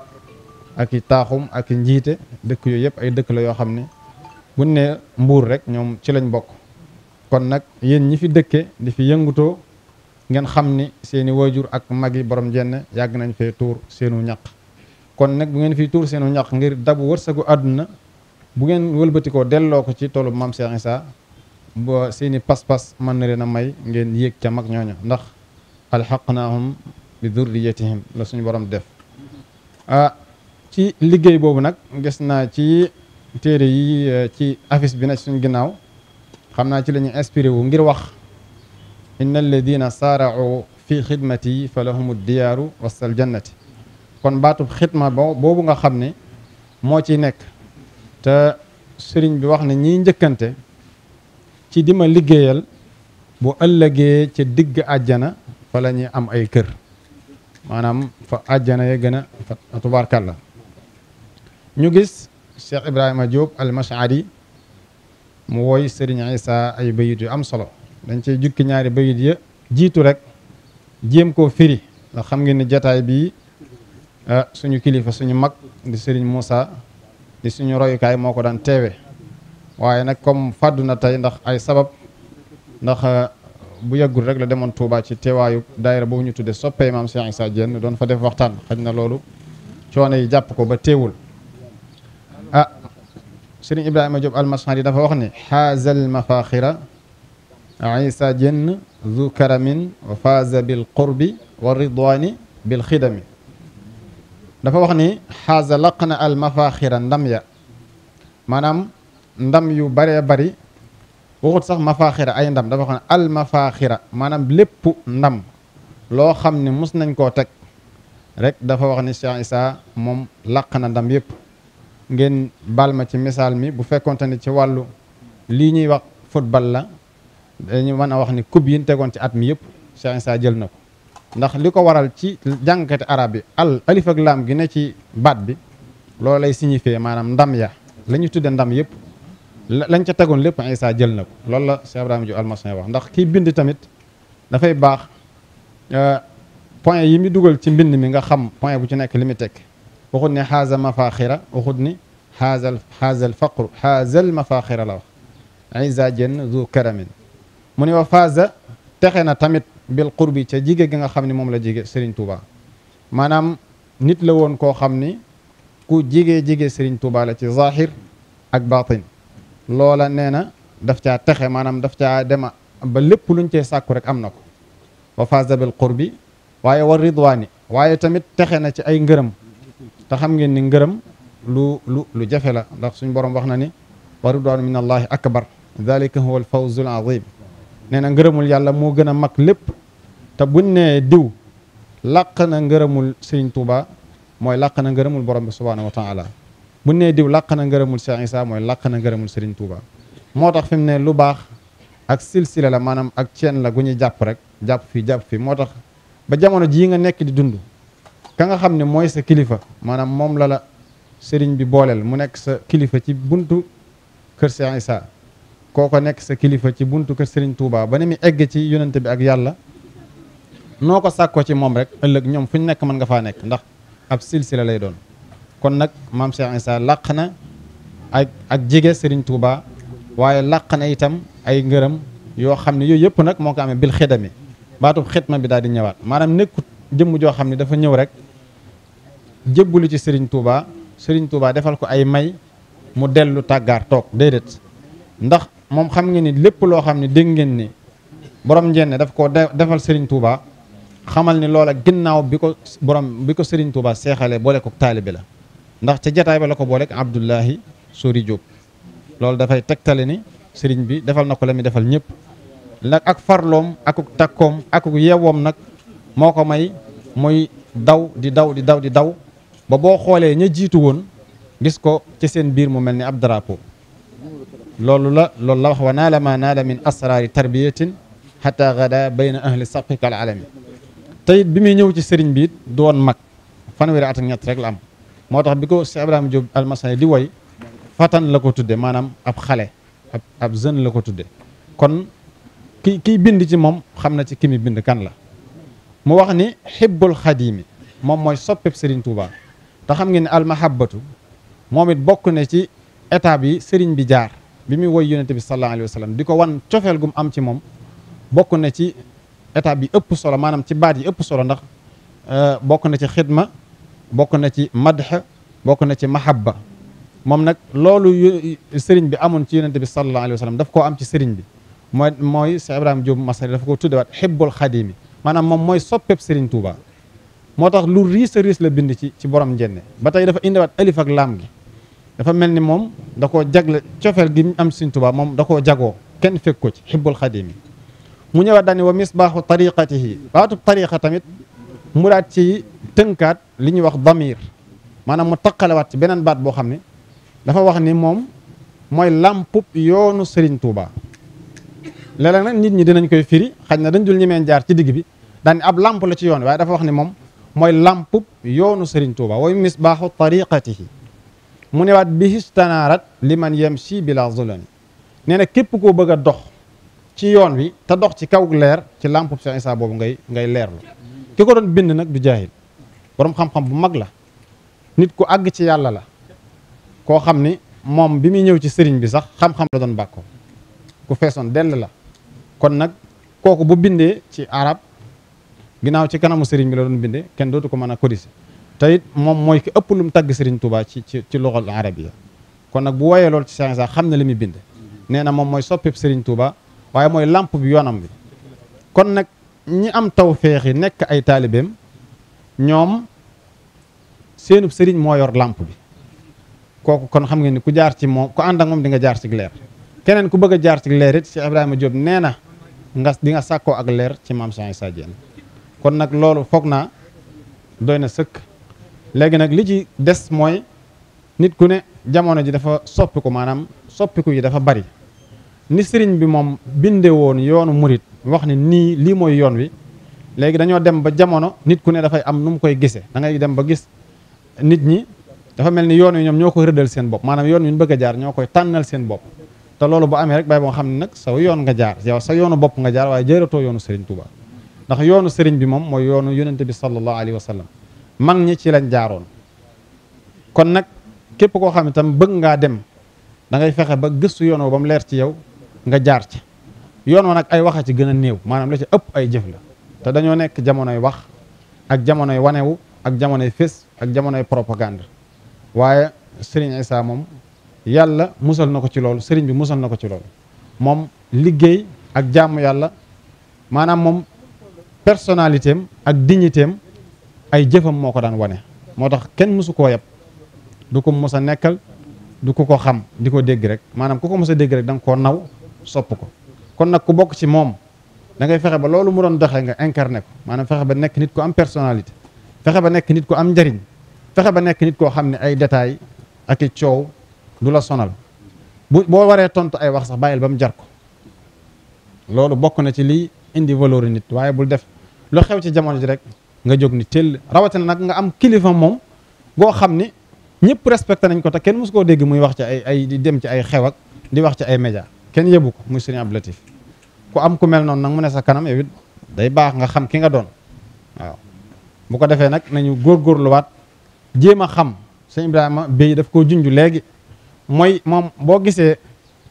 ak i taaxum ak i njiite dëkk yooyu yëpp ay dëkk la yoo xam ne buñ ne mbuur rek ñoom ci lañ bokk kon nag yéen ñi fi dëkke di fi yëngutoo ngeen xam ni seeni waajur ak mag yi borom jenn yàgg nañ fee tuur seenu ñaq kon nag bu ngeen fi tuur seenu ñakk ngir dabu wërsëgu àdduna bu ngeen wëlbatikoo delloo ko ci toolu maam Cheikh Issa ba seeni pas-pas mën na leen a may ngeen yéeg ca mag ñooña ndax alxaqnaahum bi durriyatihim la suñu boroom def ah, ci liggéey boobu nag gis naa ci téere yi eh, ci affiche bi nag suñ ginnaaw xam naa ci la ñu inspiré wu ngir wax inna alladina saarau fi xidmati fa lahum diyaaru wasal jannati kon baatub xidma boobu nga xam ne moo ci nekk te sëriñ bi wax ne ñiy njëkkante ci di ma liggéeyal bu ëllëgee ca digg àjjana fa la ñuy am ay kër maanaam fa àjjana ya gën a tubaarkàlla ñu gis Cheikh Ibrahima Diop al Mashari mu woy Serigne Issa ay bayit yu am solo dañ cey jukki ñaari bayit ya jiitu rek jéem ko firi ndax xam ngeen ni jataay bii ah, suñu kilifa suñu mag di sëriñ Moussa di suñu royukaay moo ko daan teewe waaye nag comme fàddu na tey ndax ay sabab ndax ah, bu yàggul rek la demoon Touba ci teewaayu daayira boobu ñu tuddee soppee maam Cheikh Issa Diène doon fa def waxtaan xaj na loolu coono yi jàpp ko ba teewul Sëriñ Ibrahima Diop almashari dafa wax ne xaazal mafaxira isa jenn zu karamin wa faaza bil qurbi wa ridwani bil xidami dafa wax ni xaaza laq na al mafaxira ndam ya maanaam ndam yu bëree bëri waxut sax mafaxira ay ndam dafa wax ne al mafaxira maanaam lépp ndam loo xam ne mus nañ koo teg rek dafa wax ni Cheikh sa moom laq na ndam yëpp ngeen baal ma ci misaal mi bu fekkonte ne ci wàllu lii ñuy wax football la dañu mën a wax ni coupe yi tegoon ci at mi yëpp Cheikh Issa jël na ko ndax li ko waral ci jàngkati arab yi al alif ak laam gi ne ci baat bi loolu lay signifié maanaam ndam ya lañuy ñu ndam yëpp lañ ca tegoon lépp saa jël na ko loolu la Cheikh Ibrahima Diouf wax ndax kiy bind tamit dafay baax euh, point yi mu dugal ci mbind mi nga xam point bu ci nekk li mu tekk waxut ne xaaza mafaaxira waxut ne xaazal xaazal faqru xaazal mafaaxira la wax jenn zu karamin mu ne wa faaza texe na tamit bil qurbi ca jige gi nga xam ni moom la jige Serigne Touba maanaam nit la woon koo xam ni ku jige jige Serigne Touba la ci zahir ak batin loola nee na daf caa texe maanaam daf caa dema ba lépp luñ cee sàkku rek am na ko wa faaza bi qurbi waaye wa ridwaani waaye tamit texe na ci ay ngërëm te xam ngeen ni ngërëm lu lu lu jafe la ndax suñ borom wax na ni wa ridwaan min allahi akbar dalika huwa al fawzul azim nee na ngërëmul yàlla moo gën a mag lépp te buñ ne diw làq na ngërëmul Sëriñ Tuuba mooy làq na ngërëmul borom bi subhaanahu wa taala buñ ne diw làq na ngërëmul Cheikh Isa mooy làq na ngërëmul Sëriñ Tuuba moo tax fim mu lu baax ak silsila la maanaam ak ceen la gu ñuy jàpp rek jàpp fii jàpp fii moo tax ba jamono jii nga nekk di dund ka nga xam ne mooy sa kilifa maanaam moom la la sëriñ bi booleel mu nekk sa kilifa ci buntu kër Cheikh Issa kooko nekk sa kilifa ci buntu kër sëriñ Touba ba ne mi egg ci yonent bi ak yàlla noo ko sàkkoo ci moom rek ëllëg ñoom fu ñu nekk mën nga faa nekk ndax ab silsila lay doon kon nag maam Cheikh Issa làq na ak ak jige sëriñ Touba waaye làq na itam ay ngërëm yoo xam ne yooyu yëpp nag moo ko amee bil xidami baatub xitma bi daal di ñëwaat maanaam nekkut jëmm joo xam ne dafa ñëw rek jébbalu ci Serigne Touba sëriñ Touba defal ko ay may mu dellu tàggaar toog déedéet ndax moom xam nga ni lépp loo xam ne dégg ngeen ni borom njenne daf ko defal Serigne Touba xamal ni loola ginnaaw bi ko borom bi ko Serigne Touba seexalee boole ko taalibe la ndax ca jataay ba la ko booleeg Abdullahi Sori Diop loolu dafay tegtale ni sëriñ bi defal na ko la mi defal ñëpp nag ak farloom akuk takkoom akuk yeewoom nag moo ko may muy daw di daw di daw di daw. ba boo xoolee ña jiitu woon gis ko ci seen biir mu mel ni ab drapeau loolu la loolu la wax wa naala ma naala min asraari tarbiyatin xata gada bayna ahli saqika al alami te bi muy ñëw ci sëriñ bi it doon mag fanweeri at ak ñett rek la am moo tax bi ko Cheikh Ibrahima Diop almasani di woy fatan la ko tudde maanaam ab xale ab ab jeune la ko tudde kon ki ki bind ci moom xam na ci ki bind kan la mu wax ni xibbul xadiimi moom mooy soppeeb sëriñ Touba. te xam ngeen ne almahabatu moom it bokk na ci étape yi sëriñ bi jaar bi muy woy yonente bi sallallahu alayhi wa sallam di ko wan cofeel gum am ci moom bokk na ci étape yi ëpp solo maanaam ci baat yi ëpp solo ndax euh, bokk na ci xidma bokk na ci madh bokk na ci mahabba moom nag loolu sëriñ bi amoon ci yonente bi sallallahu alayhi wa sallam daf am ci sëriñ bi mooy mooy Cheikh Ibrahima Diop Masari dafa ko tuddewaat xibbul xadimi maanaam moom mooy soppeeb sëriñ Touba moo tax lu riis a riis la bind ci ci borom njenne ba tey dafa indiwaat alif ak laam gi dafa mel ni moom da koo jagle cofeel gi mu am Sëriñ Tuubaa moom da koo jagoo kenn fekk ko ci xibbul xadim yi mu ñëwaat daal ni wa misbaaxu tariqatihi baatub tariqa tamit mu daat ci tënkaat li ñuy wax damir maanaam mu taqalewaat ci beneen baat boo xam ne dafa wax ni moom mooy làmpub yoonu Sëriñ Tuubaa léeg-léeg nag nit ñi dinañ koy firi xaj na dañ dul ñemeen jaar ci digg bi daal ni ab la ci yoon waaye dafa wax ni moom mooy làmpub yoonu Sëriñ Tuuba way misbaaxu tariqatihi mu ne waat bi histanaarat liman yamshi bila zulami nee na képp koo bëgg a dox ci yoon wi te dox ci kaw leer ci làmpub Cheikh Issa boobu ngay ngay leerlu ki ko doon bind nag du jaahil boroom xam-xam bu mag la nit ku àgg ci yàlla la koo xam ni moom bi muy ñëw ci sëriñ bi sax xam-xam la doon bàkkoo ku feesoon dell la kon nag kooku bu bindee ci arab ginnaaw ci kanamu sëriñ bi la doon bindee kenn dootu ko mën a codiser te it moom mooy ki ëpp lu mu tagg sëriñ Touba ci ci ci loxol arabiya kon nag bu wooyee loolu ci science xam na li muy bind nee na moom mooy soppib sëriñ Touba waaye mooy làmp bi yoonam bi kon nag ñi am tawféex yi nekk ay taalibeem ñoom seenub sëriñ moo yor lamp bi kooku kon xam nga ni ku jaar ci moom ku ànd ak moom di nga jaar ci leer keneen ku bëgg jaar ci leer it Cheikh Ibrahima Diop nee na nga di nga sàkkoo ak leer ci maam Cheikh Issa Diène kon nag loolu foog naa doy na sëkk léegi nag li ci des mooy nit ku ne jamono ji dafa soppiku maanaam soppiku yi dafa bari ni sëriñ bi moom binde woon yoonu murit wax ni nii lii mooy yoon wi léegi dañoo dem ba jamono nit ku ne dafay am nu mu koy gisee da ngay dem ba gis nit ñi dafa mel ni yoon wi ñoom ñoo koy rëddal seen bopp maanaam yoon wi ñu bëgg jaar ñoo koy tànnal seen bopp te loolu bu amee rek bay boo xam ne nag saw yoon nga jaar yow sa yoonu bopp nga jaar waaye jëratoo yoonu sëriñ ndax yoonu sëriñ bi moom mooy yoonu yonente bi sallallahu alayhi wa sallam mag ñi ci lañ jaaroon kon nag képp koo xam itam bëgg ngaa dem da ngay fexe ba gëstu yoon ba mu leer ci yow nga jaar ci yoon wa nag ay waxa ci gën a néew maanaam la ci ëpp ay jëf la te dañoo nekk jamonoy wax ak jamonoy wanewu ak jamonoy fés ak jamonoy propagande waaye sëriñ Issa moom yàlla musal na ko ci loolu sëriñ bi musal na ko ci loolu moom liggéey ak jaamu yàlla personnalité am ak dignité ay jëfam moo ko daan wane moo tax kenn mësu koo yab du ko mës a nekkal du ko ko xam di ko dégg rek maanaam ku ko mës a dégg rek da nga koo naw sopp ko kon nag ku bokk ci moom dangay fexe ba loolu mu doon doxee nga incarné ko maanaam fexe ba nekk nit ko am personnalité fexe ba nekk nit ku am njariñ fexe ba nekk nit koo xam ne ay détails ak i coow du la sonal bu boo waree tontu ay wax sax bàyyil ba mu jar ko loolu bokk na ci lii indi valeur nit waaye bul def lu xew ci jamono ji rek nga jóg ni teel rawatina nag nga am kilifa moom goo xam ni ñëpp respecté nañ ko te kenn mosu koo dégg muy wax ci ay ay di dem ci ay xew ak di wax ci ay média kenn yebu ko muy Serigne Abdou ku am ku mel noonu nag mu ne sa kanam yow day baax nga xam ki nga doon waaw ko defee nag nañu góorgóorluwaat jéem a xam sëñ Ibrahima Bey daf koo junj léegi mooy moom boo gisee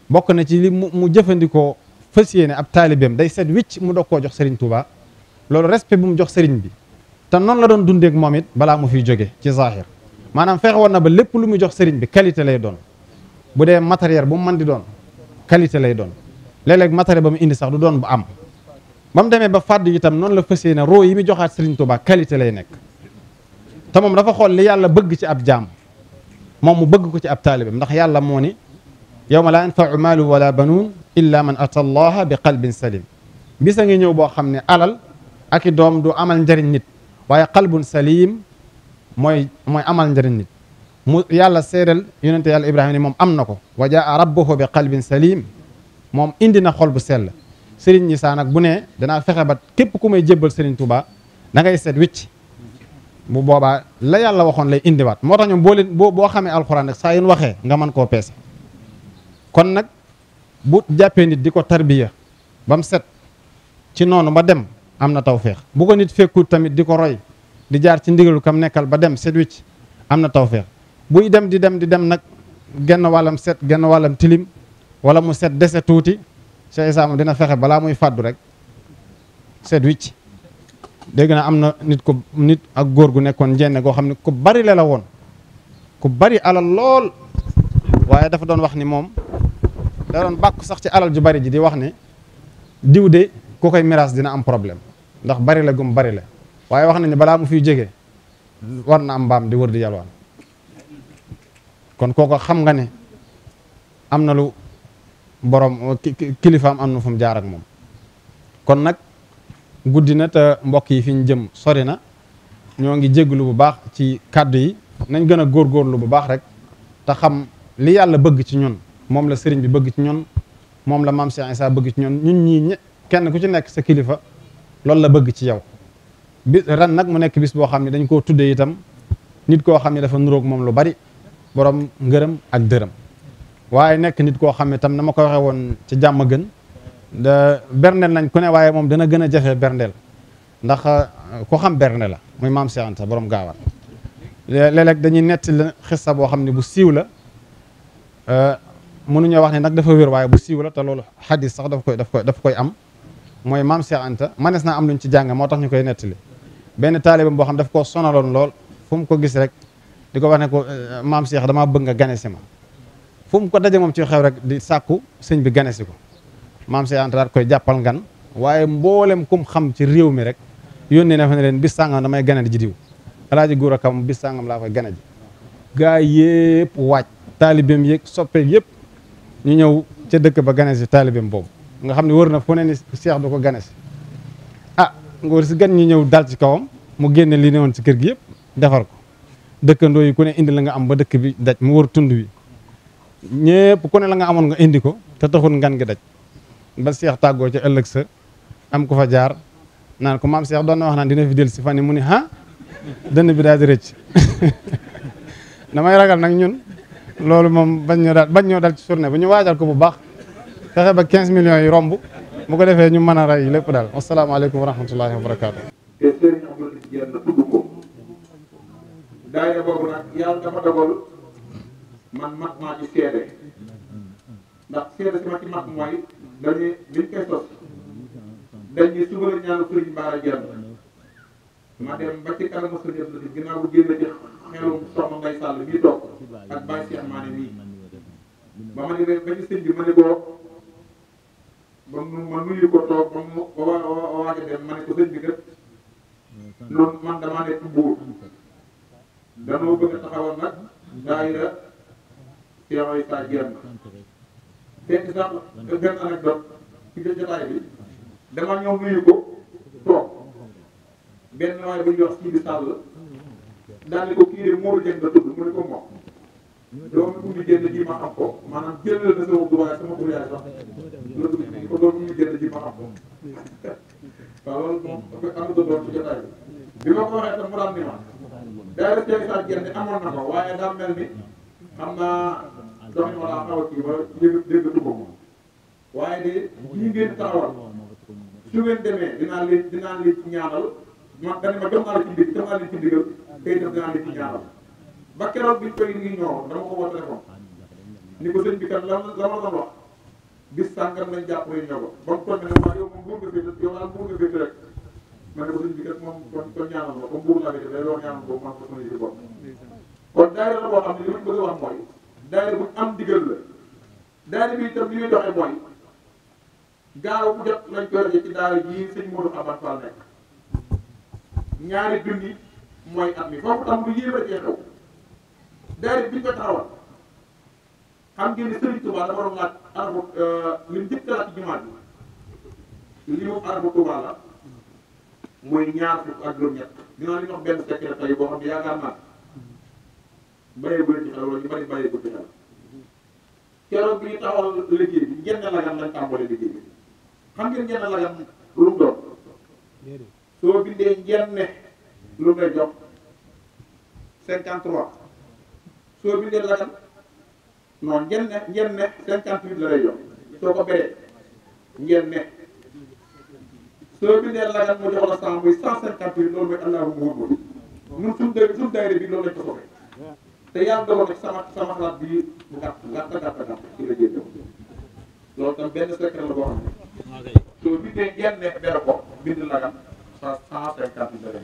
bokk na ci li mu mu jëfandikoo fas yéene ab taalibeem day set wicc mu doog koo jox Serigne Touba loolu respect bu mu jox sëriñ bi te noonu la doon dundeek moom it balaa mu fiy jóge ci zahir maanaam fexe woon na ba lépp lu mu jox sëriñ bi qualité lay doon bu dee matériel bu mu man di doon qualité lay doon léeg-léeg matériel ba mu indi sax du doon bu am ba mu demee ba fàdd itam noonu la fas na roo yi mu joxaat sëriñ Tuubaa qualité lay nekk te moom dafa xool li yàlla bëgg ci ab jaam moom mu bëgg ko ci ab taalibam ndax yàlla moo ni yawma laa yanfau maalu wala banuun illa man ata allaha bi qalbin salim bisa ngi ñëw boo xam ne alal ak i doom du amal njariñ nit waaye qalbun salim mooy mooy amal njariñ nit mu yàlla seedal yonente yàlla ibrahim ni moom am na ko wa jaa rabbuhu bi qalbin salim moom indi na xol bu la sëriñ ñi saa nag bu nee danaa fexe ba képp ku may jébbal sëriñ Touba da ngay seet wicc bu boobaa la yàlla waxoon lay indiwaat moo tax ñu boo leen boo boo xamee alxuraan rek saa nu waxee nga man koo peese kon nag bu jàppee nit di ko tarbiya ba mu set ci noonu ba dem am na tawféex bu ko nit fekkut tamit di ko roy di jaar ci ndigalu kam nekkal ba dem set wicc am na tawféex buy dem di dem di dem nag genn wàllam set genn wàllam tilim wala mu set dese tuuti Cheikh Issa dina fexe balaa muy fàddu rek set wicc dégg na am na nit ku nit ak góor gu nekkoon njenne goo xam ne ku bari le la woon ku bari alal lool waaye dafa doon wax ni moom da doon bàkku sax ci alal ju bari ji di wax ne diw de ku koy miraas dina am problème ndax bari la gum bari la waaye wax nañ ne balaa mu fiy jege war na am mbaam di wër di yalwaan kon kooko xam nga ne am na lu borom kilifaam am na fu mu moom kon nag guddi na te mbokk yi fi ñu jëm sori na ñoo ngi jégalu bu baax ci kàddu yi nañ gën a góor góorgóorlu bu baax rek te xam li yàlla bëgg ci ñun moom la sëriñ bi bëgg ci ñun moom la maam Cheikh Issa bëgg ci ñun ñun ñii kenn ku ci nekk sa kilifa loolu la bëgg ci yow bi ren nag mu nekk bis boo xam ne dañ koo tuddee itam nit koo xam ne dafa nuroog moom lu bari boroom ngërëm ak dërëm waaye nekk nit koo xam ne tam na ma ko waxee woon ci jàmm a gën da berndeel nañ ku ne waaye moom dana gën a jafe berndeel ndax euh, ku xam bernde la muy maam Cheikh boroom borom gaawaan léeg-léeg dañuy netti la xissa boo xam ne bu siiw la euh, mënuñoo wax ne nag dafa wér waaye bu siiw la te loolu xadis sax daf koy daf koy daf koy am mooy maam Cheikh Anta manes naa am luñ ci jàng moo tax ñu koy nettali benn taalibam boo xam daf koo sonaloon lool fu ko gis rek di ko wax ne ko eh, maam Cheikh damaa bëgg nga gane si ma fu mu ko daje moom ci xew rek di sàkku sëñ bi gane ko maam Cheikh Anta daat koy jàppal ngan waaye mboolem kum xam ci réew mi rek yónnee na fa ne leen bis sàngam damay gane ji diw alaaji góor a kam bis sàngam laa koy gane ji gaa yëpp waaj taalibeem yéeg soppeek yëpp ñu ñëw ca dëkk ba gane si boobu nga xam ne wër na fu ne ni seex du ko ganes a ah ngóor si gan ñi ñëw dal ci kawam mu génne liine woon si kër gi yëpp defar ko dëkkandoo yi ku ne indi la nga am ba dëkk bi daj mu wër tund wi ñëpp ku ne la nga amoon nga indi ko te taxul ngan gi daj ba seex tàggoo ca ëllëg sa am ko fa jaar naan ko maam seex doon na wax naan dina fi del si fan yi mu ni ah dënn bi daal di rëcc damay ragal nag ñun loolu moom bañ ñoo daal bañ ñoo daal ci journée bu ñu waajal ko bu baax fexe ba 15 millions yi romb bu ko defee ñu mën a rey lépp daal asalaamaaleykum wa rahmatullahi wa barakaatu. te Serigne Abdoulaye Dieng tudd ko daayira boobu nag yàlla dafa dogal man mag ma dem ba ci kanamu Serigne Abdoulaye ginnaaw bu génn ci xelum soxna Ngay Sall mi toog ak Baye Cheikh Mané ba ma ne ba ci ma ne ko. ba mu ma nuyu ko toog ba mu ba waaj a dem ma ne ko sëñ bi kat loolu man damaa nekk buur danoo bëgg a taxawal nag daayira teewaay taaj genn fekk sax benn anecdote ci biir bi dama ñëw nuyu ko toog benn waaye bu ñuy kii bi sàll daal ni ko kii de Modou Dieng la tudd mu ne ko moom doomu undi génn ji ma am ko maanaam jëlal na sama duwaay sama duwaay sax la tudd ko doon ñu jënd ji ma am moom waaw loolu moom am na doon ci jotaay bi ma ko waxee tam mu daal ni ma daal di jënd ak génn amoon na ko waaye daal mel ni xam naa dox ma laa xaw a kii ba dégg déggatu ko moom waaye de ñi ngeen taxawal su ngeen demee dinaa leen dinaa leen ci ñaanal ma dana ma jox naa la ci ndig jox naa leen ci ndigal tey def dinaa leen ci ñaanal ba keroog bi koy ngi ñoo dama ko woo téléphone ni ko sëñ bi kat la la ma doon wax gis sàngam lañ jàpp réunion ba ba mu toll ne waaye yow moom buur nga féete yow daal buur nga féete rek ma ne ko ko kon daayira la boo xam ne li ñu bëgg a wax mooy daayira bu am ndigal la daayira bi itam li muy mooy gaaw bu jot lañ koy rajo ci daara ji sëñ Modou nekk ñaari junni mooy at mi foofu tam lu yéeme a jeexew daayira bi ñu taxawal xam ngeen ne Serigne Touba dafa arabu li mu njëkk a laaj ci jumaa bi li mu arabu Touba la ñaar fukk ak juróom-ñett dinaa leen wax benn secret tey boo xam ne yaakaar naa bëree bëri bi ñu taxawal liggéey bi genn lagan xam ngeen genn lagan lu mu doon soo bindee genn lu mu jox 53 soo bindee lagan. non ngeen ne ngeen ne cinquante mille la lay jox soo ko béree ngeen ne soo bindee lagan mu jox la cent muy cent cinquante mille loolu bi loolu lañ ko soxee te yàlla dogal nag sama sama xalaat bii bu gàtt gàtt gàtt gàtt ci la jéndew la boo xam ne soo la lay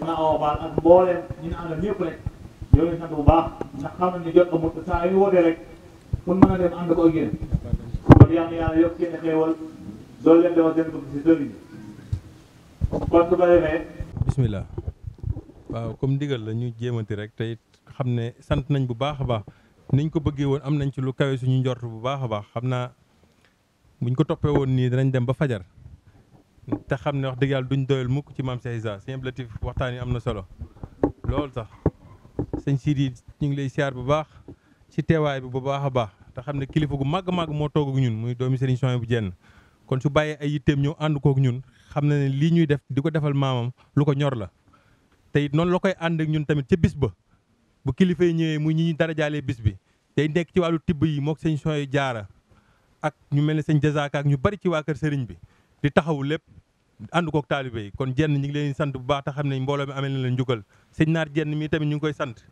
na awa baal ak mbooleem ñu ne àndal ñëpp rek yooyu sant bu baax ndax xam ne ni jot amul saa yu wootee mun bismillah waaw comme digal la ñu jéemanti rek tey xam ne sant nañ bu baax a baax niñ ko bëggee woon am nañ ci lu kawe suñu njort bu baax a baax xam naa buñ ko toppee woon nii danañ dem ba fajar te xam ne wax dëgg yàlla duñ doyal mukk ci maam Cheikh Issa seen latif waxtaan yi am na solo loolu sax sëñ Sidi ñu ngi lay siyaar bu baax. ci teewaay bi bu baax a baax te xam ne kilifa gu màgg màgg moo toog ak ñun muy doomi Serigne Souhaïbou bu jenn kon su bàyyee ay yitteem ñëw ànd kook ñun xam na ne lii ñuy def di ko defal maamam lu ko ñor la te it noonu loo koy ànd ak ñun tamit ca bis ba bu kilifa yi ñëwee muy ñi ñuy dara jaalee bis bi day nekk ci wàllu tibb yi mook Serigne Souhaïbou jaara ak ñu mel ne sëñ Diazaka ak ñu bari ci waa kër sëriñ bi di taxawu lépp ànd kook taalibe yi kon jenn ñu ngi leen sant bu baax te xam ne mbooloo mi amee na leen njukkal sëñ naar jenn mii tami ñu ngi koy sant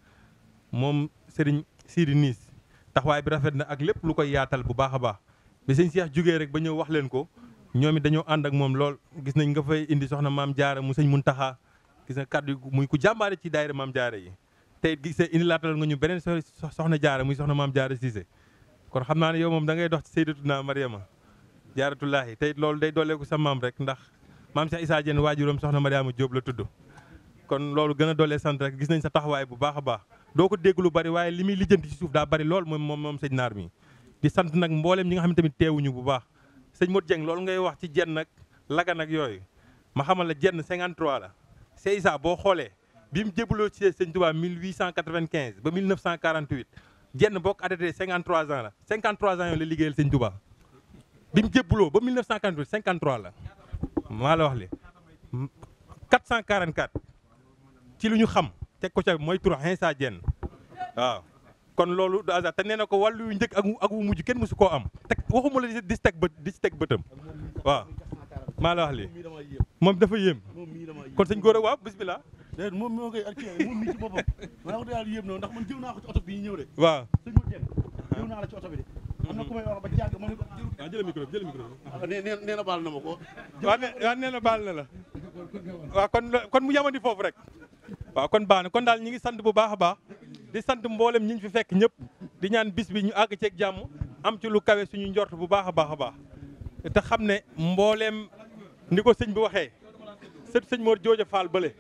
moom Serigne Sidi Niis taxawaay bi rafet na ak lépp lu koy yaatal bu baax a baax bi sëñ Cheikh jógee rek ba ñëw wax leen ko ñoom it dañoo ànd ak moom lool gis nañ nga fay indi soxna maam jaara mu sëñ Muntaxa gis nga kàddu muy ku jàmbaare ci daayira maam jaara yi tey gis nga indi laatal ñu beneen soxna jaara muy soxna maam jaara Cissé kon xam naa ne yow moom da ngay dox ci Seydatuna Mariama jaaratullaahi tey loolu day dooleeku sa maam rek ndax maam Cheikh Issa Diène waajuram soxna Mariama Diop la tudd kon loolu gën a doolee sant rek gis nañ sa taxawaay bu baax a baax doo ko dégg lu bari waaye li muy lijjanti ci suuf daa bari lool moom moom moom sëñ naar mi di sant nag mboolem ñi nga xam ne tamit teewuñu bu baax sëñ Modou Dieng loolu ngay wax ci jenn nag laga nag yooyu ma xamal la jenn 53 la Seysa boo xoolee bi mu jébaloo ci sëñ Tuubaa 1895 ba 1948 jenn bokk adatee 53 ans la 53 ans yooyu la liggéeyal sëñ Tuubaa bi mu jébaloo ba mille 1948 53 la maa la wax li 444 ci lu ñu xam. te ko ca mooy tur saa Diène waaw kon loolu du hasard te nee na ko wàllu yu njëkk ak ak wu mujj kenn mësu koo am teg waxuma la di teg bët di si bëtam waaw maa la wax lii moom dafa yéem kon sëñ góor a waaw bismillah déet moom moo koy ak moom mii ci boppam na ndax man jëw naa ko ci ñëw de waaw sëñ ma bi ma ne ko ah, jël micro jël ah, nee na baal na ko waaw nee na la waaw kon kon mu yamandi foofu rek waaw kon baax ne kon daal ñi ngi sant bu baax a baax di sant mbooleem ñi ñu fi fekk ñëpp di ñaan bis bi ñu àgg ceeg jàmm am ci lu kawe suñu njort bu baax a baax a baax te xam ne mbooleem ni ko sëñ bi waxee sët sëñ Mor Jooja Fall bële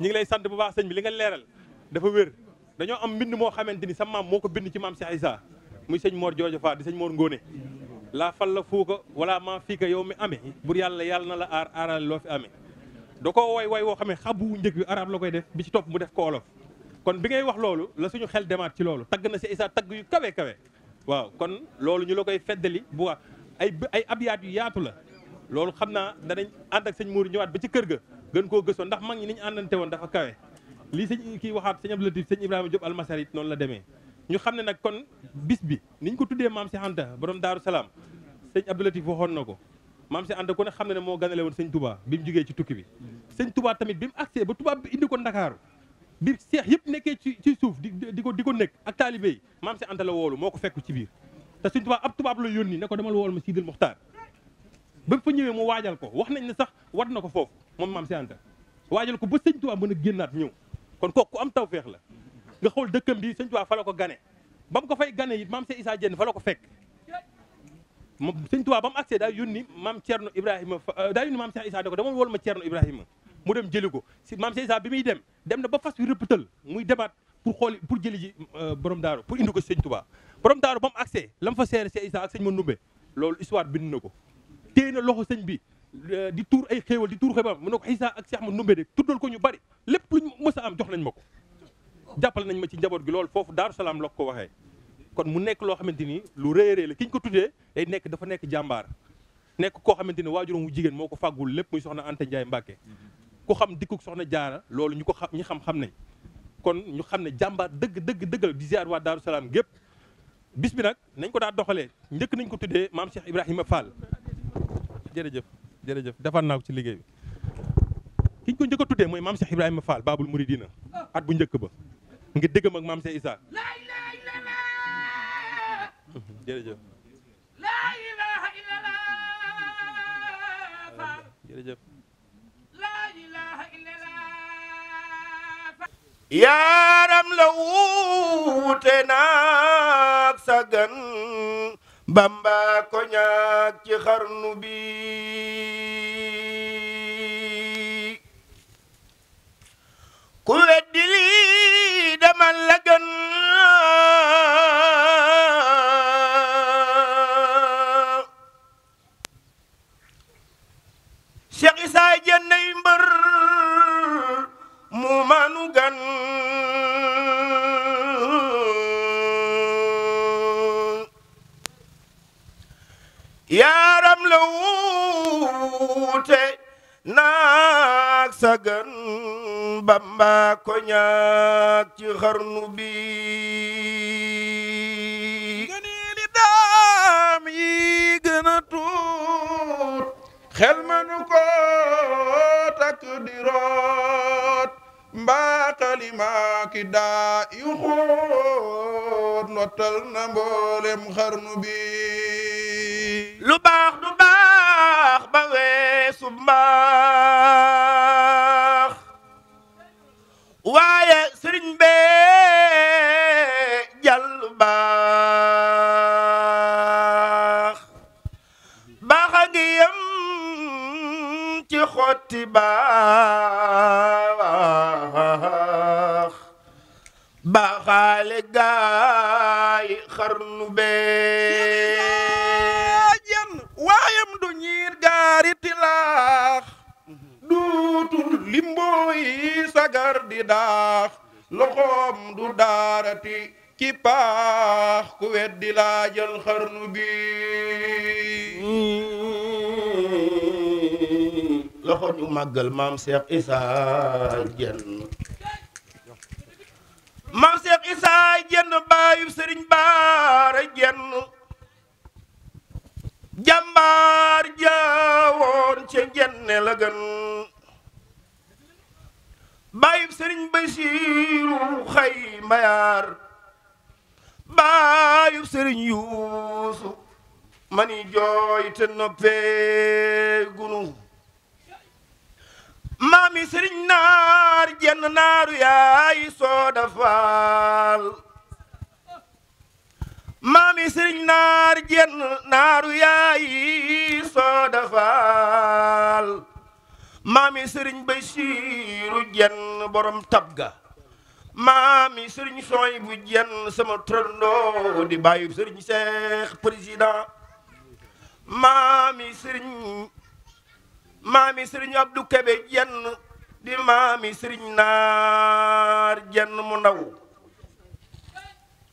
ñi ngi lay sant bu baax sëñ bi li nga leeral dafa wér dañoo am mbind moo xamante ni sa maam moo ko bind ci maam Cheikh Issa muy sëñ moor Jooja Fall di sëñ moor Ngóone laa fal la fuuka ko wala maa fii ko yow mi ame bur yàlla yàlla na la aar aaral loo fi amee da ko woy woy woo xam ne xabu njëkk bi arab la koy def bi ci topp mu def ko wolof kon bi ngay wax loolu la suñu xel demaat ci loolu tagg na si Issa tagg yu kawe kawe waaw kon loolu ñu la koy feddali bu wax ay ay abyaat yu yaatu la loolu xam naa danañ ànd ak sëñ Mourou ñëwaat ba ci kër ga gën koo gëstoo ndax mag ñi ni ñu àndante woon dafa kawe lii sëñ kii waxaat sëñ Abdou Latif sëñ Ibrahima Diop almasar it noonu la demee ñu xam ne nag kon bis bi niñ ko tuddee maam si Anta borom Daaru Salaam sëñ Abdou Latif waxoon na ko maam si ànd ku ne xam ne ne moo ganale woon sëñ Touba bi mu jógee ci tukki bi sëñ Touba tamit bi mu agsee ba Touba bi indi ko Ndakaaru bi seex yëpp nekkee ci ci suuf di di ko di ko nekk ak taalibe yi maam si Anta la woolu moo ko fekku ci biir te sëñ Touba ab tubaab la yónni ne ko demal wool ma Sidil Muxtaar ba fa ñëwee mu waajal ko wax nañ ne sax war na ko foofu moom maam si Anta waajal ko ba sëñ Touba mën a génnaat ñëw kon kooku ku am tawféex la nga xool dëkkam bi sëñ Touba fa la ko gane ba mu ko fay gane it maam si Issa Dieng fa la ko fekk sëñ Tuubaa ba mu agsee daa yónni maam Thierno Ibrahima daa yónni maam Cheikh Issa ne ko dama wol ma Thierno Ibrahima mu dem jëli ko si maam Cheikh Issa bi muy dem dem na ba fas wi rëppatal muy demaat pour xooli pour jëli ji euh, borom daaru pour indi ko si sëñ Tuubaa borom daaru ba mu agsee la fa seere Cheikh Issa ak sëñ Mandumbe loolu histoire bind na ko téye na loxo sëñ bi euh, di tuur ay xéewal di tuur xéewal mu ne ko Issa ak Cheikh Mandumbe de tuddal ko ñu bari lépp luñ am jox nañ ma ko jàppal nañ ma ci njaboot gi loolu foofu Daaru Salaam la ko waxee kon mu nekk loo xamante ni lu rëy rëy la ki ñu ko tuddee day nekk dafa nekk jàmbaar nekk koo xamante ni waajuram wu jigéen moo ko fàggul lépp muy soxna Anta Ndiaye Mbacke ku xam dikkuk soxna jaara loolu ñu ko xam ñi xam-xam nañ kon ñu xam ne jàmbaar dëgg dëgg dëggal di ziar waa Daaru gépp bis bi nag nañ ko daa doxalee njëkk nañ ko tuddee maam Cheikh Ibrahima Fall jërëjëf jërëjëf defar naa ko ci liggéey bi ki ñu ko njëkk tuddee mooy maam Cheikh Ibrahima Fall Babul Mouridina at bu njëkk ba ngi dëggam maam Cheikh jërëjëf laa ilaaha illallaah yaaram la wuute naag sa gan bamba ci xarnu bi ku weddi lii demal la mu yaaram la wuute naak sa gan Bamba ci xarnu bi gënili daam yi tuut xel manu ko di root mbaata li daa yu xóot lottal na mboolem xarnu bi lu baax du baax ba weesu mbaax ñu màggal maam Cheikh Issa Diène maam Cheikh Issa Diène baayu sëriñ Baara Diène jàmbaar jaawoon ca Diène la gën baayu sëriñ Basiiru xay mbayaar baayu sëriñ Yuusu mani jooy te noppee gunu maami sëriñ naar jenn naaru yaay sooda faal maami sëriñ naar jenn naaru yaay sooda i maami sëriñ basiiru jenn borom tabga maami sëriñ sooy bu jenn sama trondoo di bàyyi sëriñ seex président maami sëriñ maami sëriñ Abdou Kébé jenn di maami sëriñ naar jenn mu ndaw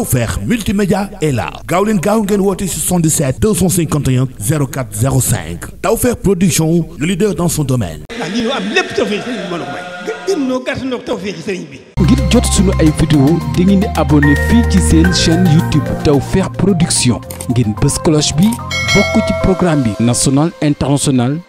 Tawfekh multimédia est là gaaw leen gaaw ngeen woote 77 251 04 05 Tawfekh production le leader dans son domaine ah, ngir jot sunu ay vidéo di ngeen di abonné fii ci seen chaîne YouTube Tawfekh production ngeen bës cloche bi bokk ci programme bi national international